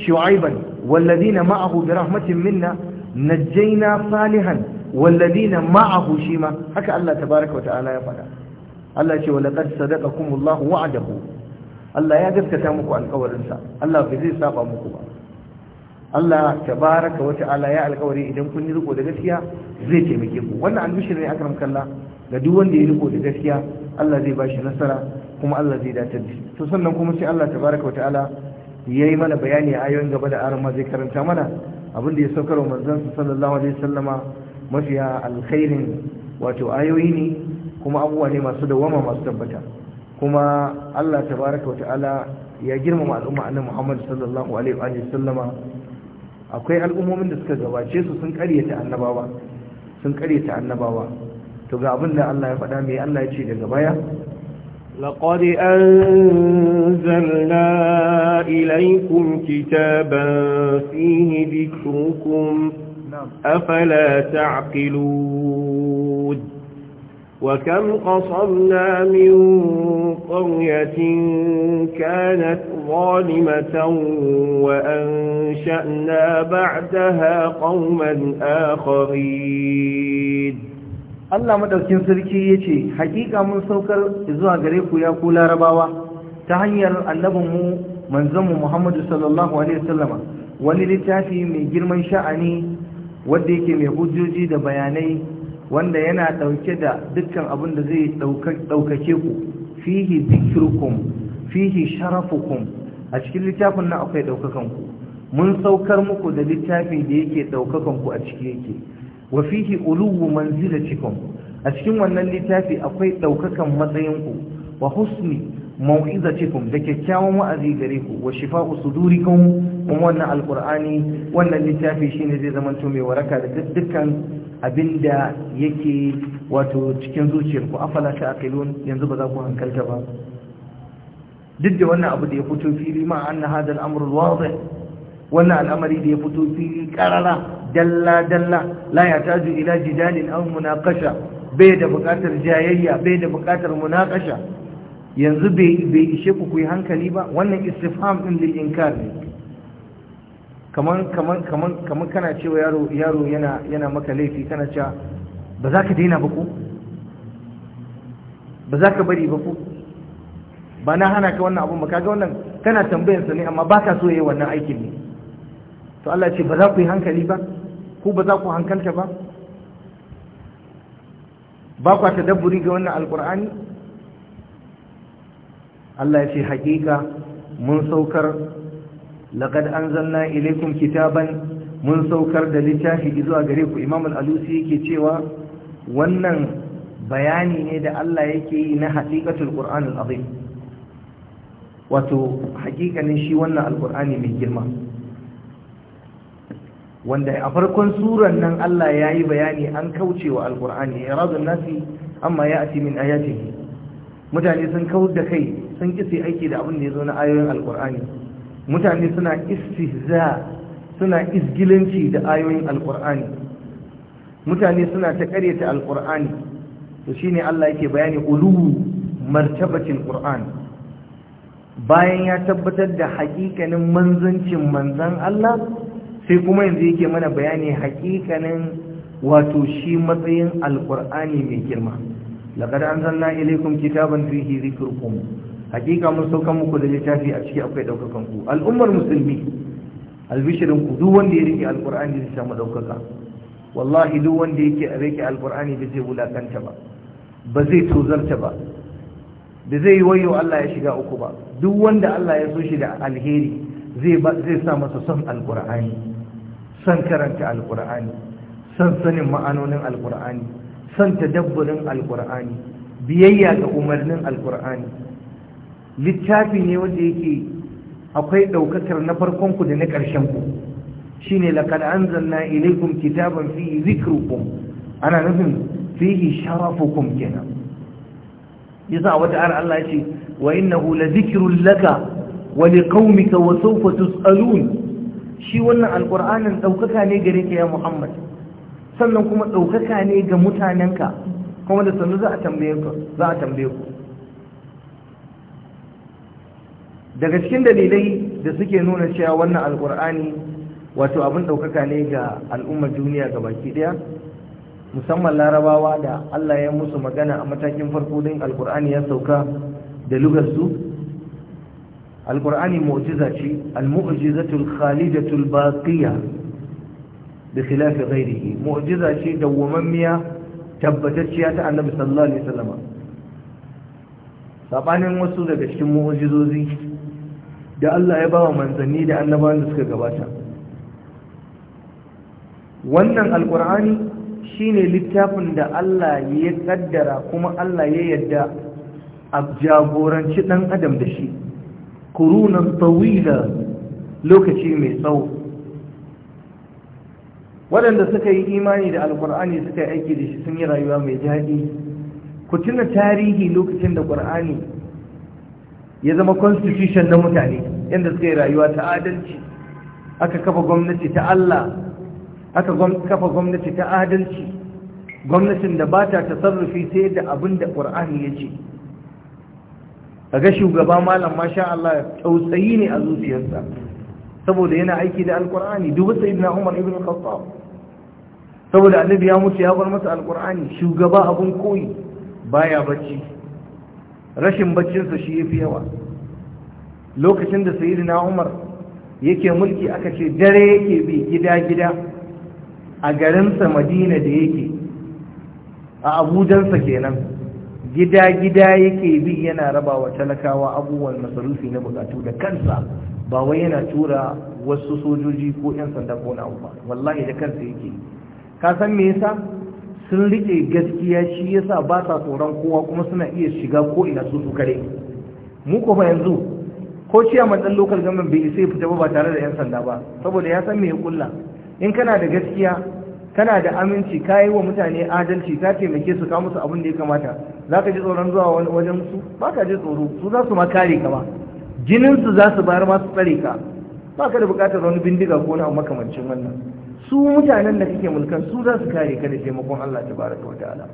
shu'aiban wallazina ma'ahu bi rahmatin minna najjaina salihan wallazina ma'ahu shima haka Allah tabaaraka wa ta'ala ya faɗa Allah ce sadaka qad sadaqakumullahu wa'adahu Allah ya gaskata muku alƙawarinsa Allah bai zai saba muku ba Allah baraka wata ala ya alƙawari idan kun yi riko da gaskiya zai taimake ku wannan albishir ne akram kalla ga duk wanda ya riko da gaskiya Allah zai bashi nasara kuma Allah zai dace da shi to sannan kuma sai Allah wata ala ya yi mana bayani a ayoyin gaba da aran ma zai karanta mana abin da ya saukar wa manzon sallallahu alaihi wasallama mafiya alkhairin wato ayoyi ne kuma abubuwa ne masu dawama masu tabbata kuma Allah baraka wata ala ya girmama al'umma annabi Muhammad sallallahu alaihi wa sallama akwai al'ummomin da suka gabace su sun karyata annabawa sun karyata annabawa to ga abin da Allah ya faɗa mai Allah ya ce daga baya لقد أنزلنا إليكم كتابا فيه ذكركم أفلا تعقلون وكم قصرنا من قرية كانت ظالمة وأنشأنا بعدها قوما آخرين الله مدركين سلكي يتي حقيقة من سوكر إذوها غريكو يقول رباوة تهيّر أنبه من زم محمد صلى الله عليه وسلم وللتافي من جرمان شأني وديك من حجوجي دبياني wanda yana ɗauke da dukkan abin da zai ɗaukake ku fihi zikirkum fihi sharafukum a cikin littafin nan akwai ɗaukakan ku mun saukar muku da littafin da yake ɗaukakan ku a ciki yake wa fihi uluwu manzilatikum a cikin wannan littafi akwai ɗaukakan matsayin wa husni mau'izatikum da kyakkyawan wa'azi gare ku wa shifa'u sudurikum kuma wannan alqur'ani wannan littafi shine zai zama to mai waraka da dukkan abinda yake wato cikin zuciyarku afala ta aqilun yanzu ba za ku hankalta ba duk da wannan abu da ya fito fili ma anna hada al-amr al-wadih wannan al'amari da ya fito fili karara dalla dalla la yataju ila jidalin aw munaqasha bai da buƙatar jayayya bai da buƙatar munaqasha yanzu bai bai ishe ku ku hankali ba wannan istifham din lil inkar ne kaman kaman kaman kaman kana cewa yaro yaro yana yana maka laifi kana cewa ba za ka daina ba ko ba za ka bari ba ko ba na hana ka wannan abun ba kaga wannan kana tambayar sa ne amma ba ka so yayi wannan aikin ne to Allah ce ba za ku yi hankali ba ko ba za ku hankalta ba ba ku ta dabburi ga wannan alkur'ani Allah ya ce hakika mun saukar laqad anzalna ilaykum kitaban mun saukar da littafi zuwa gare ku imam al-alusi yake cewa wannan bayani ne da Allah yake yi na haqiqatul qur'an al-azim wato haƙiƙanin shi wannan alqur'ani mai girma wanda a farkon suran nan Allah ya yi bayani an kaucewa alkur'ani ya razun nasi amma ya ati min ayatihi mutane sun kawar da kai sun kisi aiki da abin da ya zo na ayoyin alkur'ani mutane suna istihza suna izgilanci da ayoyin alkur'ani mutane suna ta karyata alkur'ani to shine Allah yake bayani ulu martabatin qur'an bayan ya tabbatar da hakikanin manzancin manzan Allah sai kuma yanzu yake mana bayani hakikanin wato shi matsayin alkur'ani mai girma laqad anzalna ilaykum kitaban fihi dhikrukum hakika mun sauka muku da littafi a ciki akwai daukakan ku al'ummar musulmi albishirin ku duk wanda ya rike alqur'ani zai samu daukaka wallahi duk wanda yake rike alqur'ani ba zai wulakanta ba ba zai tozarta ba da zai wayo Allah ya shiga uku ba duk wanda Allah ya so shi da alheri zai zai sa masa son alqur'ani son karanta alqur'ani san sanin ma'anonin alqur'ani son tadabburin alqur'ani biyayya ga umarnin alqur'ani littafi ne wanda yake akwai ɗaukakar na farkon ku da na ƙarshen ku shine laqad anzalna ilaykum kitaban fihi dhikrukum ana nufin fihi sharafukum kenan sa wata ar Allah ce wa innahu la dhikrun laka Wani kaumika wa sawfa tusalun shi wannan alqur'anin ɗaukaka ne gare ka ya Muhammad sannan kuma ɗaukaka ne ga mutanenka kuma da sannu za a tambaye ku daga cikin dalilai da suke nuna cewa wannan alkur'ani wato abin ɗaukaka ne ga al'ummar duniya ga baki ɗaya musamman larabawa da allah ya musu magana a matakin farko din alkur'ani ya sauka da lugarsu alkur'ani mu'jiza ce al-mu'jizatul khalidatul baqiya bi khilafi ghairihi mu'jiza ce dawwamammiya tabbatacciya ta annabi sallallahu alaihi wasallam sabanin wasu daga cikin mu'jizozi da Allah ya bawa manzanni da annabawan da suka gabata wannan alkur'ani shine littafin da Allah ya kaddara kuma Allah ya yadda a jagoranci dan adam da shi kurunan tawila lokaci mai tsawo waɗanda suka yi imani da alkur'ani suka yi aiki da shi sun yi rayuwa mai daɗi ku tuna tarihi lokacin da ƙur'ani ya zama constitution na mutane inda suka yi rayuwa ta adalci aka kafa gwamnati ta Allah aka kafa gwamnati ta adalci gwamnatin da ba ta tasarrufi sai da abin da ƙwar'ani ya ce a ga shugaba malam masha Allah tausayi ne a zuciyarsa saboda yana aiki da alƙwar'ani dubu sai na umar ibn khattab saboda annabi ya mutu ya bar masa alƙwar'ani shugaba abin koyi baya bacci rashin baccinsa shi ya fi yawa lokacin da sayidina umar yake mulki aka ce dare yake bi gida-gida a garinsa madina da yake a abujansa kenan gida-gida yake bi yana raba wa talakawa abubuwan masarufi na bukatu da kansa ba wai yana tura wasu sojoji ko 'yan sanda ko na ba wallahi da kansa yake ka san me yasa sun riƙe gaskiya shi yasa ba sa tsoron kowa kuma suna iya shiga ko ina su su kare mu ko yanzu ko ciya matsan lokal gaman bai sai fita ba tare da 'yan sanda ba saboda ya san mai ya kulla in kana da gaskiya kana da aminci ka yi wa mutane adalci ka taimake su ka musu abin da ya kamata za ka ji tsoron zuwa wajen su ba ka ji tsoro su za su ma kare ka ba jinin su za su bayar ma tsare ka ba ka da bukatar wani bindiga ko na makamancin wannan su mutanen da kake mulkan su za su kare ka da taimakon Allah ta baraka wa ta'ala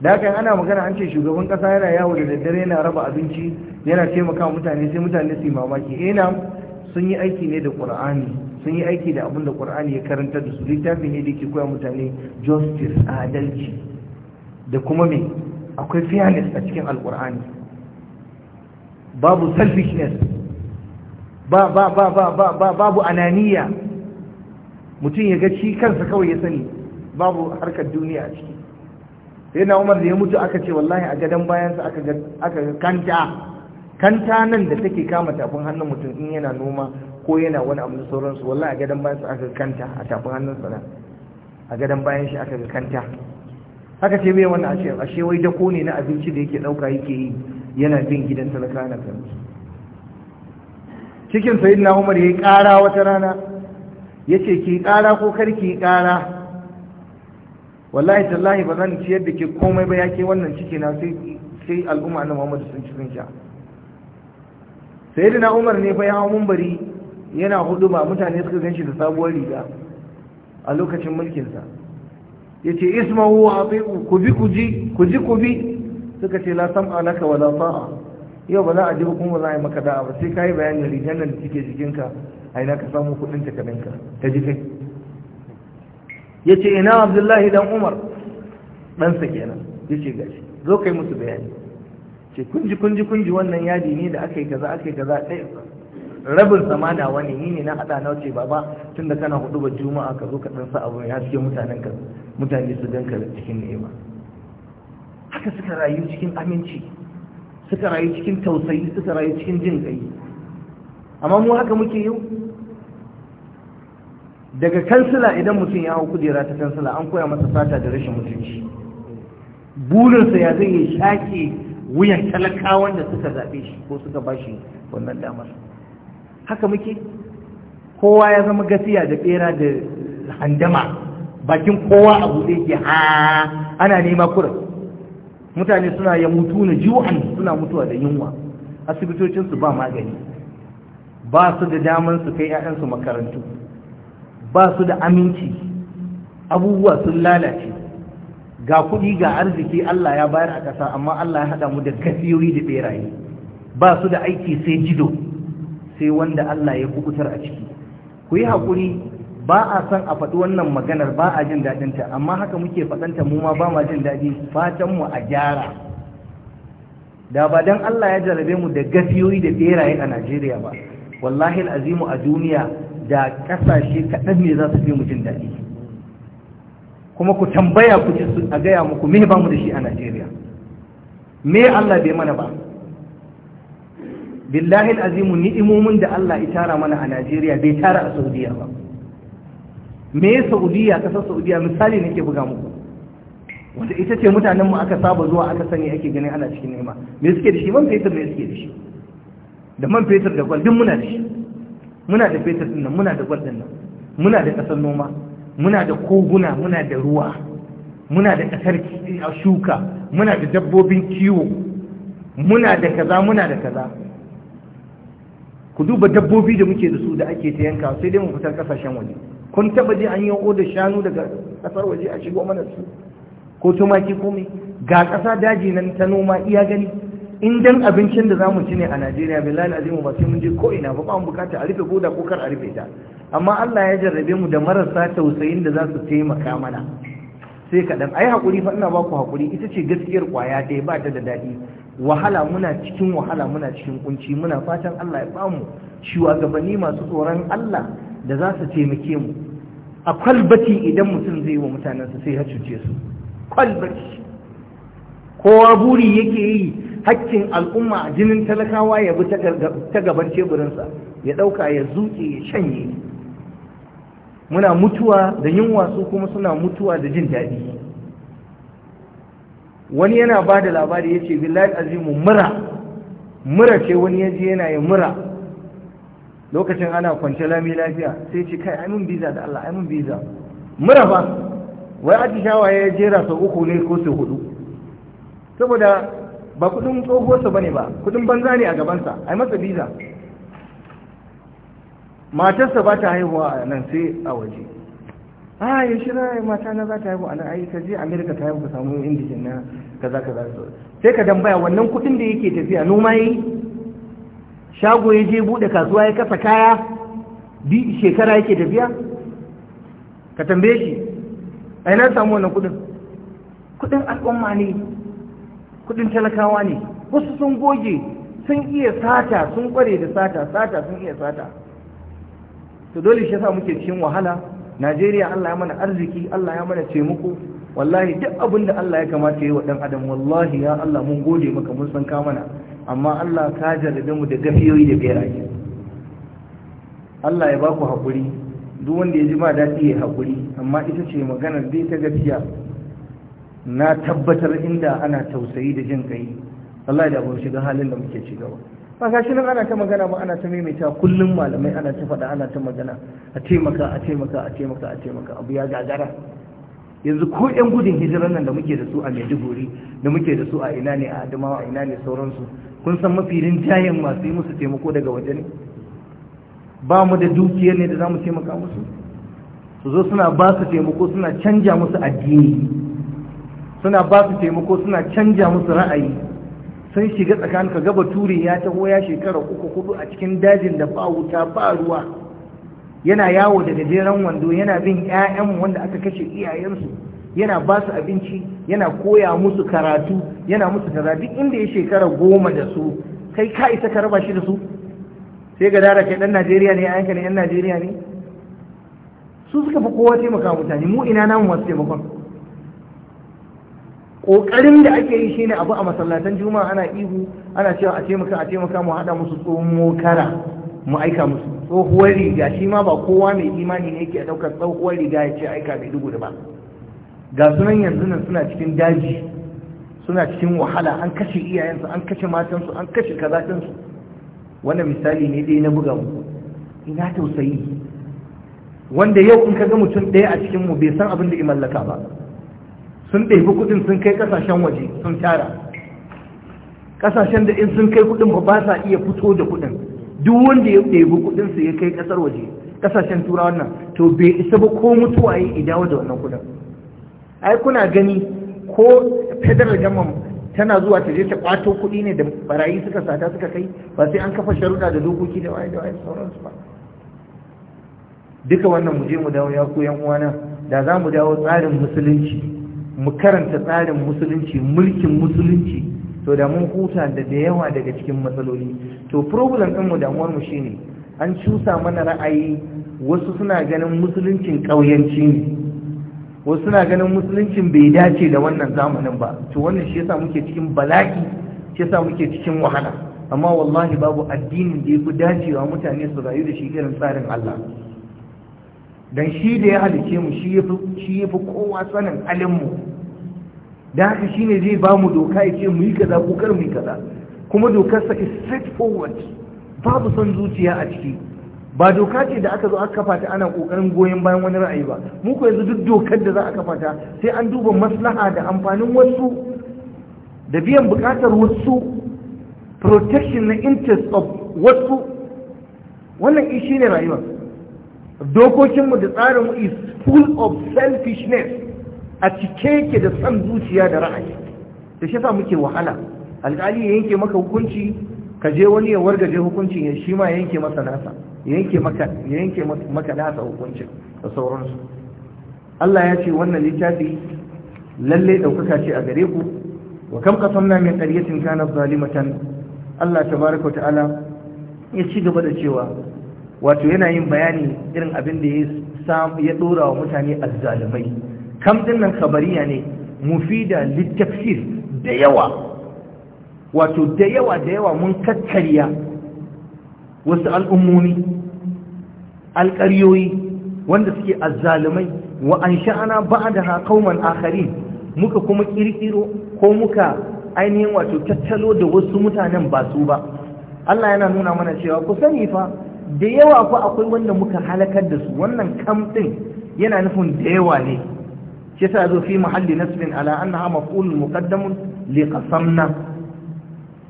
da haka ana magana an ce shugaban kasa yana yawo da daddare yana raba abinci yana taimaka mutane sai mutane su yi mamaki eh na sun yi aiki ne da qur'ani sun yi aiki da abin da qur'ani ya karanta da su littafin ne da ke koya mutane justice adalci da kuma me akwai fairness a cikin alqur'ani babu selfishness ba ba ba ba ba babu ananiya mutum ya ga shi kansa kawai ya sani babu harkar duniya a ciki sai na umar da ya mutu aka ce wallahi a gadon bayansa aka ga kanta kanta nan da take kama tafin hannun mutum in yana noma ko yana wani abu da sauransu wallahi a gadon bayansa aka ga kanta a tafin sa nan a gadon bayan shi aka ga kanta haka ce mai wannan ashe ashe wai dako ne na abinci da yake dauka yake yi yana bin gidan talaka na kan cikin sayyidina umar yayi kara wata rana ya ce ki ƙara ko kar kara ƙara wallahi tallahi ba zan ciyar da ke komai ba ya ke wannan ciki na sai al'umma na muhammadu sun ci sun sha sai na umar ne fa ya hau yana hudu ba mutane suka gan shi da sabuwar riga a lokacin mulkinsa ya ce ismahu a ku bi ku ji ku ji ku bi suka ce la sam alaka wala ta'a yau ba za a ji ba kuma za a yi maka da'a ba sai ka yi bayanin rigar da take jikinka aina ka samu kudin ta ka ta ji kai yace ina Abdullahi dan Umar dan sa kenan yace gashi zo kai musu bayani ce kunji kunji kunji wannan yadi ne da aka yi kaza aka yi kaza ɗaya rabin sama da wani ni ne na hada na wuce baba tun da kana hudu ba juma'a ka zo ka dan sa abu ya ce mutanen ka mutane su danka cikin ni'ima haka suka rayu cikin aminci suka rayu cikin tausayi suka rayu cikin jin kai amma mu haka muke yau daga kansila idan mutum ya hau kudera ta kansila an koya masa fata da rashin mutunci burinsa ya zai ya shaƙe wuyan talakawan da suka zaɓe shi ko suka ba shi wannan damar haka muke kowa ya zama gasiya da ɓera da handama bakin kowa a buɗe ke ha ana nema kura mutane suna ya mutu na jiwon suna mutuwa da yunwa asibitocinsu ba magani ba su da daman su kai 'ya'yansu makarantu ba su da aminci abubuwa sun lalace ga kuɗi ga arziki Allah ya bayar a ƙasa amma Allah ya haɗa mu da gafiyoyi da ɓeraye ba su da aiki sai jido sai wanda Allah ya kubutar a ciki ku yi haƙuri ba a san a faɗi wannan maganar ba a jin daɗinta amma haka muke faɗanta mu ma ba ma jin daɗi fatanmu a gyara da ba don Allah ya jarabe mu da gafiyoyi da ɓeraye a Najeriya ba wallahi azimu a duniya da kasashe kaɗan ne za su fi mu jin daɗi kuma ku tambaya ku ci a gaya muku me ba mu da shi a najeriya me allah bai mana ba billahi azimu ni'imomin da allah ya tara mana a najeriya bai tara a saudiya ba me saudiya kasar saudiya misali nake buga muku wanda ita ce mutanenmu aka saba zuwa aka sani ake gani ana cikin nema me suke da shi man fetur me suke da shi da man fetur da gwal muna da shi muna da fetur din nan muna da gwal nan muna da kasar noma muna da koguna muna da ruwa muna da kasar shuka muna da dabbobin kiwo muna da kaza muna da kaza ku duba dabbobi da muke da su da ake ta yanka sai dai mu fitar kasashen waje kun taba je an yanko da shanu daga kasar waje a shigo mana su ko tumaki ko me ga kasa daji nan ta noma iya gani in dan abincin da zamu ci ne a Najeriya billahi azimu ba sai mun je ko ina ba ba mu bukata a rufe boda ko kar a rufe ta amma Allah ya jarrabe mu da marasa tausayin da za su taimaka mana sai kaɗan ai hakuri fa ina ba ku hakuri ita ce gaskiyar kwaya dai ba ta da daɗi wahala muna cikin wahala muna cikin kunci muna fatan Allah ya bamu shugabanni masu tsoron Allah da za su taimake mu a kwalbati idan mutum zai yi wa mutanensa sai ya cuce su kwalbati kowa buri yake yi hakkin al'umma jinin talakawa ya bi ta gaban teburinsa ya ɗauka ya zuke ya shanye muna mutuwa da yunwa su kuma suna mutuwa da jin daɗi wani yana ba da labari ya ce billahi azimu mura mura ce wani ya je yana ya mura lokacin ana kwance lami lafiya sai ce kai amin biza da Allah amin biza mura ba wai atishawa ya jera sau uku ne ko sau hudu saboda ba kudin tsohuwarsa bane ba kudin banza ne a gabansa A yi masa biza matarsa ba ta haihuwa a nan sai a waje a ya shira mata na za ta haihu a nan yi ka je amerika ta haihu ka samu indijin na kaza kaza sai ka dambaya wannan kudin da yake tafiya noma yi shago ya je bude kasuwa ya kasa kaya bi shekara yake tafiya ka tambaye shi yi na samu wannan kudin kudin al'umma ne kudin talakawa ne wasu sun goge sun iya sata sun kware da sata sata sun iya sata to dole shi yasa muke cikin wahala Najeriya Allah ya mana arziki Allah ya mana taimako wallahi duk abin da Allah ya kamata yi wa dan adam wallahi ya Allah mun gode maka mun san ka mana amma Allah ka jarrabe mu da gafiyoyi da beraye Allah ya baku hakuri duk wanda ya ji ba dadi ya hakuri amma ita ce maganar dai ta gaskiya na tabbatar inda ana tausayi da jin kai Allah ya abun shiga halin da muke ci gaba ba ga shi nan ana ta magana ba ana ta maimaita kullum malamai ana ta faɗa ana ta magana a taimaka a taimaka a taimaka a taimaka abu ya gagara yanzu ko yan gudun hijiran nan da muke da su a Maiduguri da muke da su a ina ne a Adamawa a ina ne sauransu kun san mafirin jayen masu yi musu taimako daga waje ne ba mu da dukiyar ne da za mu taimaka musu su zo suna ba su taimako suna canja musu addini suna ba su taimako suna canja musu ra'ayi sun shiga tsakanin ka gaba turi ya taho ya shekara uku hudu a cikin dajin da ba wuta ba ruwa yana yawo da gajeren wando yana bin 'ya'yan wanda aka kashe iyayensu yana ba su abinci yana koya musu karatu yana musu kaza duk inda ya shekara goma da su kai ka isa ka raba shi da su sai ga dara kai dan Najeriya ne yanka ne yan Najeriya ne su suka fi kowa taimaka mutane mu ina namu masu taimakon ƙoƙarin da ake yi shine abu a masallatan juma'a ana ihu ana cewa a taimaka a taimaka mu haɗa musu tsohon mokara mu aika musu tsohuwar riga shi ma ba kowa mai imani ne yake ɗaukar tsohuwar riga ya ce aika mai dubu da ba ga sunan yanzu nan suna cikin daji suna cikin wahala an kashe iyayensu an kashe matansu an kashe kazatinsu wannan misali ne dai na buga mu ina tausayi wanda yau in ka ga mutum ɗaya a cikin mu bai san abin da ya mallaka ba sun ɗaifi kuɗin sun kai ƙasashen waje sun tara ƙasashen da in sun kai kuɗin ba ba sa iya fito da kuɗin duk wanda ya ɗaifi su ya kai ƙasar waje ƙasashen turawa wannan to bai isa ba ko mutuwa ya dawo da wannan kuɗin ai kuna gani ko federal government tana zuwa ta je ta kwato kuɗi ne da barayi suka sata suka kai ba sai an kafa sharuɗa da dokoki da waye da waye sauransu ba duka wannan mu je mu dawo ya ku yan uwana da za mu dawo tsarin musulunci mu karanta tsarin musulunci mulkin musulunci to da mun huta da da yawa daga cikin matsaloli to problem ɗinmu damuwarmu shi ne an cusa mana ra'ayi wasu suna ganin musuluncin ƙauyanci ne wasu suna ganin musuluncin bai dace da wannan zamanin ba to wannan shi yasa muke cikin bala'i shi yasa muke cikin wahala amma wallahi babu addinin da ya fi dacewa mutane su rayu da shi irin tsarin Allah don shi da ya halice mu shi ya fi kowa sanin halinmu da haka shi ne zai ba mu doka ya ce mu yi kaza ko mu yi kaza kuma dokarsa is straight forward babu son zuciya a ciki ba doka ce da aka zo aka kafa ta ana kokarin goyon bayan wani ra'ayi ba mu ko yanzu duk dokar da za a kafa ta sai an duba maslaha da amfanin wasu da biyan bukatar wasu protection na interest of wasu wannan shi ne rayuwa dokokinmu da tsarinmu is full of selfishness a cike yake da san zuciya da ra'ayi da shi muke wahala alƙali ya yanke maka hukunci ka je wani ya wargaje hukuncin ya shi ma ya yanke masa nasa yanke maka yanke maka nasa hukuncin da sauransu Allah ya ce wannan littafi lalle daukaka ce a gare ku wa kam qasamna min qaryatin kanat zalimatan Allah tabaaraka wa ta'ala ya ci gaba da cewa wato yana yin bayani irin abin da ya dora wa mutane azzalumai kam din nan kabariya ne mufida littafsir da yawa wato da yawa da yawa mun kakkarya wasu al'ummomi alƙaryoyi wanda suke azzalumai wa an sha'ana da qauman akari muka kuma ƙirƙiro ko muka ainihin wato tattalo da wasu mutanen ba su ba Allah yana nuna mana cewa ku sani fa da yawa fa akwai wanda muka halakar da su wannan kam yana nufin da yawa ne shi yasa zo fi muhalli nasbin ala annaha maf'ulun muqaddamun li qasamna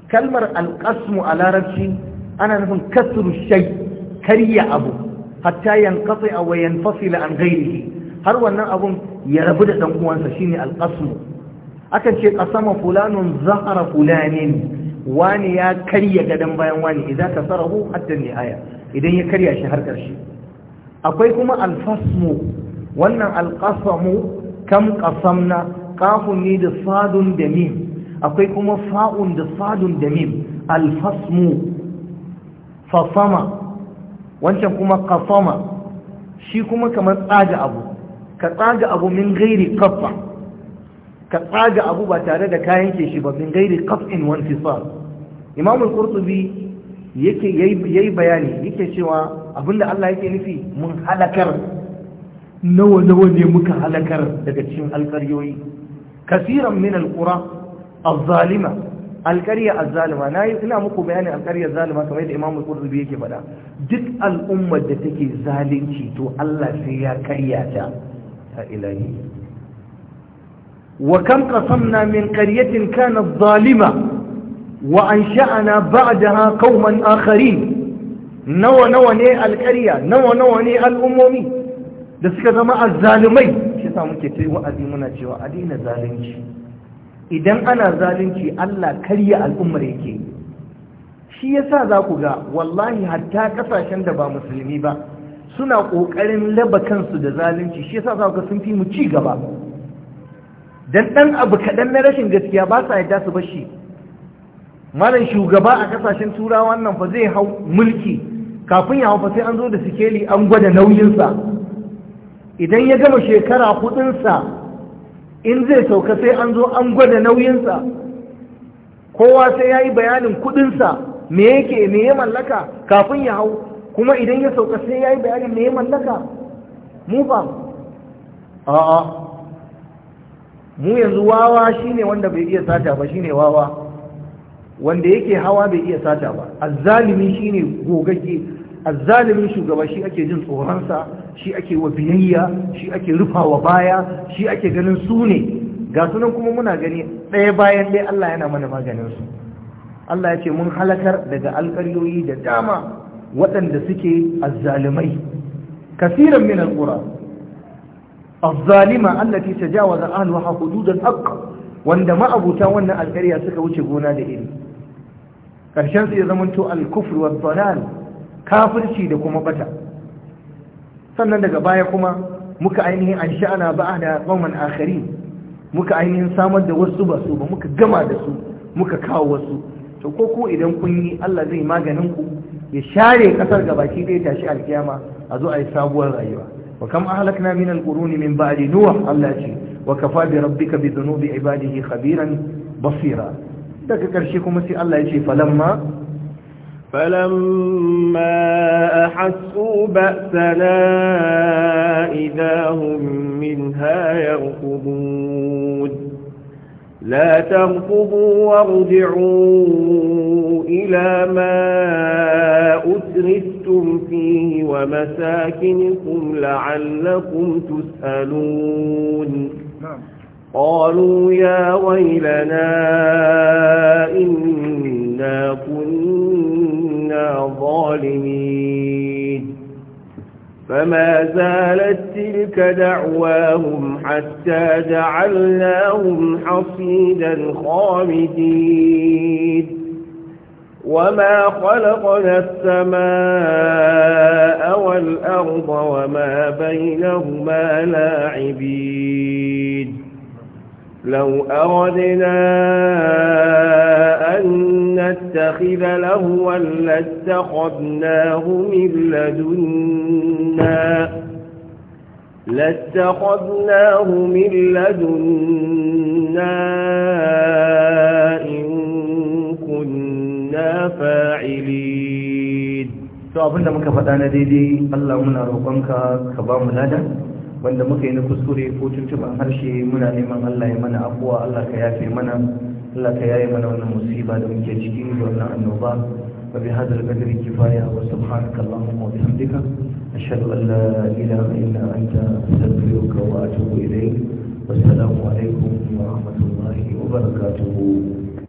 kalmar alqasmu a larabci ana nufin kasru shay karya abu hatta yanqati wa yanfasila an ghairihi har wannan abun ya rabu da dan uwansa shine alqasmu akan ce qasama fulanun zahara fulanin wani ya karya gadan bayan wani idan kasarahu hatta ni'aya idan ya karya shi har ƙarshe akwai kuma alfasmu wannan alƙasamu kam ƙasamna ƙafun ne da sadun da mim akwai kuma fa'un da sadun da mim alfasmu fasama wancan kuma ƙasama shi kuma kamar tsaga abu ka tsaga abu min gairi kafa ka tsaga abu ba tare da kayan ke shi ba min gairi kafin wanti sa imamul qurtubi yake yayi bayani yake cewa abinda Allah yake nufi mun halakar nawa nawa ne muka halakar daga cikin alƙaryoyi kasiran min alqura zalima, alƙarya azzalima nayi ina muku bayani alƙarya zalima kamar da Imam Qurtubi yake faɗa duk al'ummar da take zalunci to Allah sai ya karya ta ta ilahi wa kam qasamna min qaryatin kanat zalima وأنشأنا بعدها قوما آخرين نوى نوى nawa ne نوى nawa nawa ne al'ummomi da suka zama azzalumai shi sa muke جوا wa'azi muna cewa a daina zalunci idan ana zalunci Allah karya al'ummar yake shi yasa za ku ga wallahi hatta kasashen da ba musulmi ba suna ƙoƙarin laba kansu da zalunci shi yasa za ku ga sun fi mu ci gaba dan ɗan abu kaɗan na rashin gaskiya ba sa yadda su bashi malam shugaba a kasashen turawa nan fa zai hau mulki kafin ya hau fa sai an zo da sikeli an gwada nauyinsa idan ya gama shekara hudunsa in zai sauka sai an zo an gwada nauyinsa kowa sai ya yi bayanin kudinsa me yake me ya mallaka kafin ya hau kuma idan ya sauka sai ya yi bayanin me ya mallaka mu ba a'a mu yanzu wawa shine wanda bai iya sata ba shine wawa wanda yake hawa bai iya sata ba azzalimi shine gogagge azzalimin shugaba shi ake jin tsoronsa shi ake wa biyayya shi ake rufawa baya shi ake ganin su ne ga sunan kuma muna gani ɗaya bayan ɗaya Allah yana mana maganinsu. Allah ya ce mun halakar daga alƙaryoyi da dama waɗanda suke azzalimai kasiran min alqura azzalima allati tajawaza ahliha hudud alhaq wanda ma'abuta wannan alƙarya suka wuce gona da iri ƙarshen su ya zamanto al-kufr wa dalal kafirci da kuma bata sannan daga baya kuma muka ainihin an sha'ana ba'ada qauman akharin muka ainihin samar da wasu ba su ba muka gama da su muka kawo wasu to ko ko idan kun yi Allah zai maganin ku ya share kasar baki ɗaya tashi alkiyama a zo a yi sabuwar rayuwa wa kam ahlakna min alquruni min ba'di nuh Allah ce wa kafa bi rabbika bi dhunubi ibadihi khabiran basira daga ƙarshe kuma sai Allah ya ce falamma falamma ahassu ba'sana idahum minha yarqubun لا تركضوا وارجعوا إلى ما أترفتم فيه ومساكنكم لعلكم تسألون نعم قالوا يا ويلنا إنا كنا ظالمين فما زالت تلك دعواهم حتى جعلناهم حصيدا خامدين وما خلقنا السماء والأرض وما بينهما لاعبين لو أردنا أن نتخذ لهوا لاتخذناه من لدنا لاتخذناه من لدنا إن كنا فاعلين to abinda muka ديدي na daidai Allah muna roƙonka ka wanda muka yi na kuskure ko tuntuban harshe muna neman Allah ya mana afuwa Allah ka yafe mana Allah ka yaye mana wannan musiba da muke cikin da wannan annoba wa bi hadal qadri kifaya wa subhanaka allahumma wa bihamdika ashhadu an la ilaha illa anta astaghfiruka wa atubu ilayk wassalamu alaikum wa rahmatullahi wa barakatuh